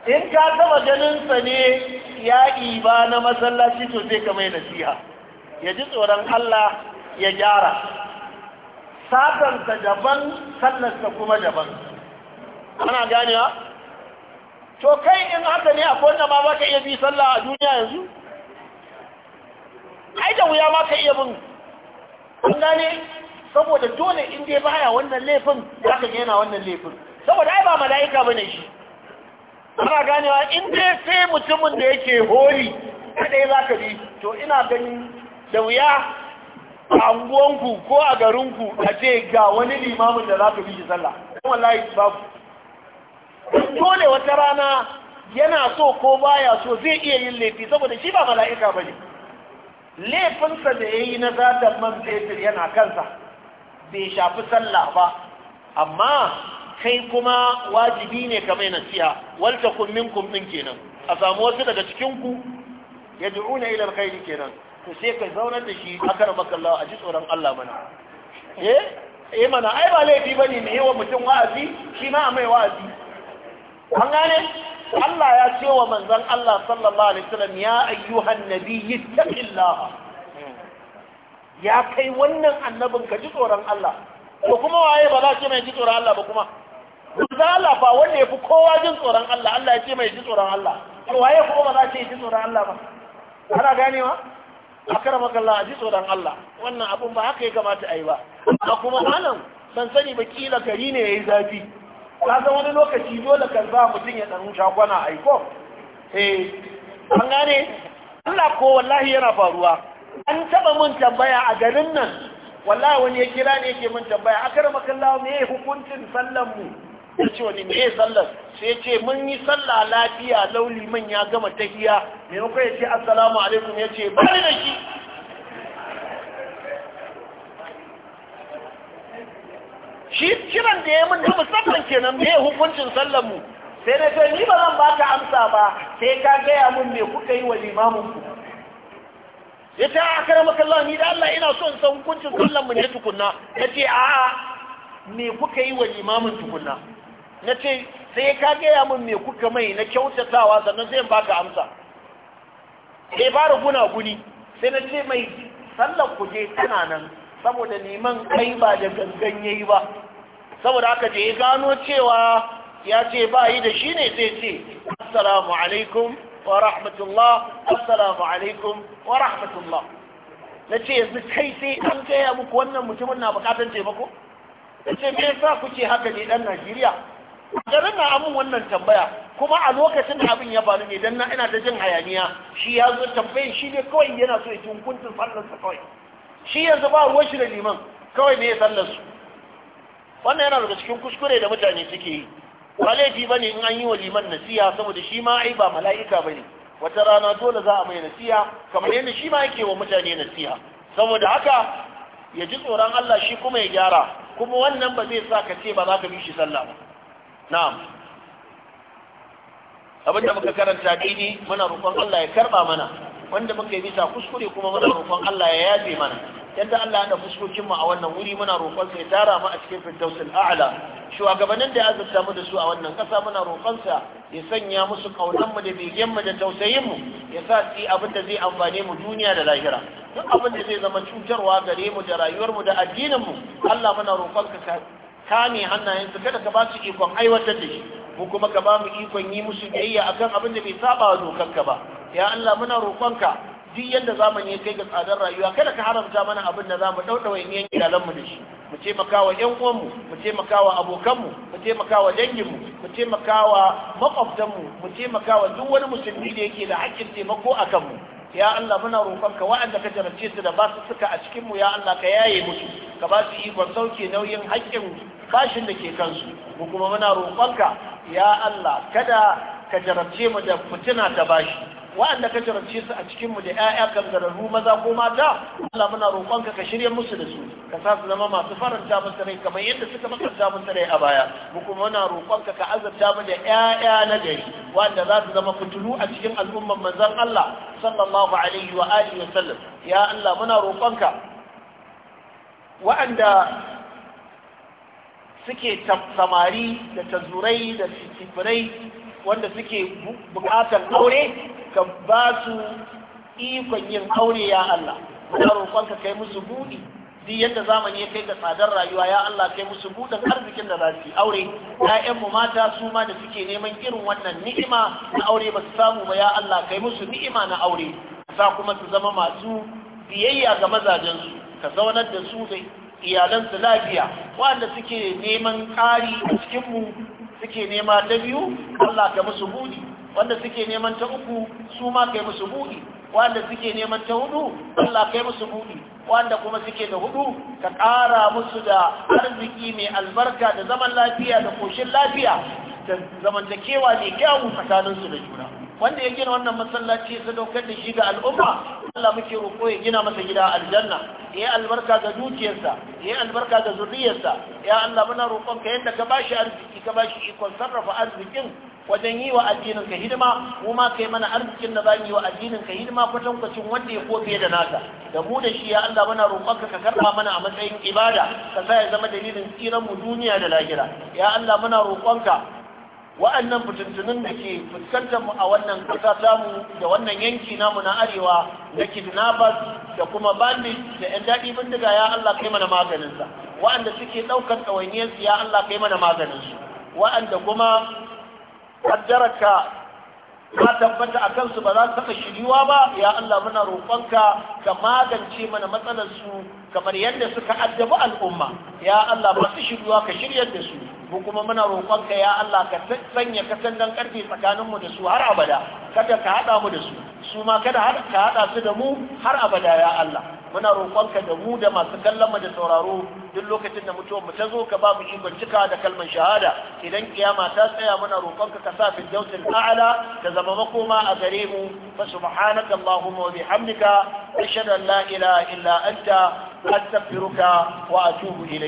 in ka taba ganinsa ne ya ba na masallaci to zai ka mai nasiha ya ji tsoron Allah ya gyara satansa daban sallarsa kuma daban ana ganewa to kai in haka ne akwai wanda ma baka iya bi sallah a duniya yanzu ai da wuya ma ka iya bin kun gane saboda dole in dai baya wannan laifin zaka ka wannan laifin saboda ai ba mala'ika bane shi ana ganewa in dai sai mutumin da yake hori, kadai za ka bi to ina ganin da wuya a anguwanku ko a garinku a ce ga wani limamin da za ka bi shi sallah kuma wallahi babu dole wata rana yana so ko baya so zai iya yin laifi saboda shi ba mala'ika bane laifinsa da yayi na zata man fetur yana kansa bai shafi sallah ba amma kai kuma wajibi ne ka mai nasiha wal min minkum din kenan a samu wasu daga cikin ku yad'una ila alkhairi kenan to sai ka zaunar da shi akar kallawa, a ji tsoron Allah mana eh eh mana ai ba laifi ba ne yi wa mutum wa'azi shi ma a mai wa'azi an gane Allah ya ce wa manzon Allah sallallahu alaihi wasallam ya ayyuhan nabiyyi taqillaha ya kai wannan annabin ka ji tsoron Allah to kuma waye ba za ce mai ji tsoron Allah ba kuma Za Allah ba wanda yafi kowa jin tsoron Allah Allah ya ce mai ji tsoron Allah to waye kuma ba za ce ji tsoron Allah ba ana ganewa akramaka Allah ji tsoron Allah wannan abun ba haka ya kamata a yi ba amma kuma anan ban sani ba kila gari ne yayi zafi ka san wani lokaci dole kan ba mutum ya dan huta kwana aiko eh an gane Allah ko wallahi yana faruwa an taba mun tambaya a garin nan wallahi wani ya kira ne yake mun tambaya akramaka Allah me hukuncin sallan mu ya ce wani me sallar sai ce mun yi sallah lafiya lauli man ya gama tahiya Me ya ce assalamu alaikum ya ce bari da shi shi kiran da ya mun da musamman kenan me hukuncin sallar mu sai na ce ni ba zan baka amsa ba sai ka gaya mun me kuka yi wa limamin ku ya ta kare makallah ni da Allah ina son san hukuncin sallar mu ne tukunna ya ce a'a me kuka yi wa limamin tukunna na ce sai ka gaya min me kuka mai na kyautatawa sannan zai baka amsa sai fara guna guni sai na ce mai sallar ku je tana nan saboda neman kai ba da gangan yayi ba saboda aka je ya gano cewa ya ce ba yi da shi ne zai ce assalamu alaikum wa rahmatullah assalamu alaikum wa rahmatullah na ce yanzu kai sai an gaya muku wannan mutumin na bukatar taimako na ce me yasa kuke haka ne dan najeriya garin na amin wannan tambaya kuma a lokacin abin ya faru ne dan na ina ta jin hayaniya shi ya zo tambayin shi ne kawai yana so ya tunkuntun sallarsa kawai shi yanzu ba ruwan shi da liman kawai ne ya sallarsu wannan yana daga cikin kuskure da mutane suke yi ba laifi ba ne in an yi wa liman nasiya saboda shi ma ai ba mala'ika ba ne wata rana dole za a mai nasiya kamar yadda shi ma yake wa mutane nasiya saboda haka ya ji tsoron Allah shi kuma ya gyara kuma wannan ba zai sa ka ce ba za ka bi shi sallah ba na'am abin da muka karanta dini muna roƙon Allah ya karba mana wanda muka yi bisa kuskure kuma muna roƙon Allah ya yafe mana yadda Allah ya fuskokin mu a wannan wuri muna roƙon sa ya tara mu a cikin firdausul a'la shugabannin da ya azurta mu da su a wannan ƙasa muna roƙon sa ya sanya musu kaunan mu da begen mu da tausayin mu ya sa su abin da zai amfane mu duniya da lahira duk abin da zai zama cutarwa gare mu da rayuwar mu da addinin mu Allah muna roƙon ka kame hannayensu kada ka ba su ikon aiwatar da shi mu kuma ka ba mu ikon yi musu biyayya akan abin da bai saba wa ka ba ya Allah muna roƙonka duk yadda zamani ya kai ga tsadar rayuwa kada ka haramta mana abin da za mu ɗauɗawa iyalan mu da shi mu taimakawa yan uwan mu mu taimakawa abokanmu mu taimakawa dangin mu mu taimakawa maƙwabtanmu mu taimakawa duk wani musulmi da yake da haƙƙin taimako akan mu ya Allah muna roƙonka waɗanda ka jarabce su da ba su suka a cikin mu ya Allah ka yaye musu ka ba su ikon sauke nauyin haƙƙin bashin da ke kansu mu kuma muna roƙonka ya Allah kada ka jarabce mu da fitina ta bashi wa'anda ka jarabce su a cikin mu da ƴaƴa kangararru maza ko mata Allah muna roƙonka ka shirye musu da su ka sa su zama masu faranta musu rai kamar yadda suka makarta musu rai a baya mu kuma muna roƙonka ka azabta mu da ƴaƴa na gari wa'anda za su zama fitulu a cikin al'umman manzon Allah sallallahu alaihi wa alihi wa sallam ya Allah muna roƙonka wa'anda suke samari da tazurai da sifirai wanda suke buƙatar aure ka ba su ikon yin aure ya Allah muna roƙonka kai musu buɗi duk yadda zamani ya kai ga tsadar rayuwa ya Allah kai musu buɗin arzikin da za su yi aure ƴaƴan mu mata su ma da suke neman irin wannan ni'ima na aure ba su samu ba ya Allah kai musu ni'ima na aure sa kuma su zama masu biyayya ga mazajensu ka zaunar da su da iyalansu lafiya Wanda suke neman ƙari a cikinmu suke nema ta biyu Allah ka musu buɗi wanda suke neman ta uku su ma kai musu buɗi wanda suke neman ta hudu Allah kai musu buɗi wanda kuma suke da hudu ka ƙara musu da arziki mai albarka da zaman lafiya da koshin lafiya da zamantakewa mai kyawu tsakaninsu da juna wanda ya gina wannan masallaci ya sadaukar da shi ga al'umma Allah muke roƙo ya gina masa gida aljanna ya yi albarka ga dukiyarsa ya yi albarka ga zuriyarsa ya Allah muna roƙon ka yadda ka bashi arziki ka bashi ikon sarrafa arzikin wajen yi wa addinin ka hidima mu ma kai mana arzikin da zamu yi wa addinin ka hidima kwatankwacin wanda ya kofe da naka da mu da shi ya Allah muna roƙonka ka karba mana a matsayin ibada ka sa ya zama dalilin tsiran mu duniya da lahira ya Allah muna roƙonka wa'annan fitintunin da ke fuskantar mu a wannan ƙasa tamu da wannan yanki namu na arewa da kidnappers da kuma bandit da yan daɗi bindiga ya Allah kai mana maganinsa wa'anda suke ɗaukar ɗawainiyarsu ya Allah kai mana maganinsu wa'anda kuma kaddararka ka tabbata a kansu ba za su taɓa shiriwa ba ya Allah muna roƙonka ka magance mana matsalarsu kamar yadda suka addabi al'umma ya Allah su shiriwa ka shiryar da su mu kuma muna roƙonka ya Allah ka sanya katangan ƙarfe tsakaninmu da su har abada kada ka haɗa mu da su su ma kada ka haɗa su da mu har abada ya Allah muna roƙonka da mu da masu kallon mu da sauraro duk lokacin da mutuwar mu ta zo ka ba mu ikon cika da kalmar shahada idan kiyama ta tsaya muna roƙonka ka sa fi jawtin a'ala ta zama makoma a gare mu fa subhanaka allahumma wa bihamdika ashhadu an la ilaha illa anta astaghfiruka wa atubu ilayk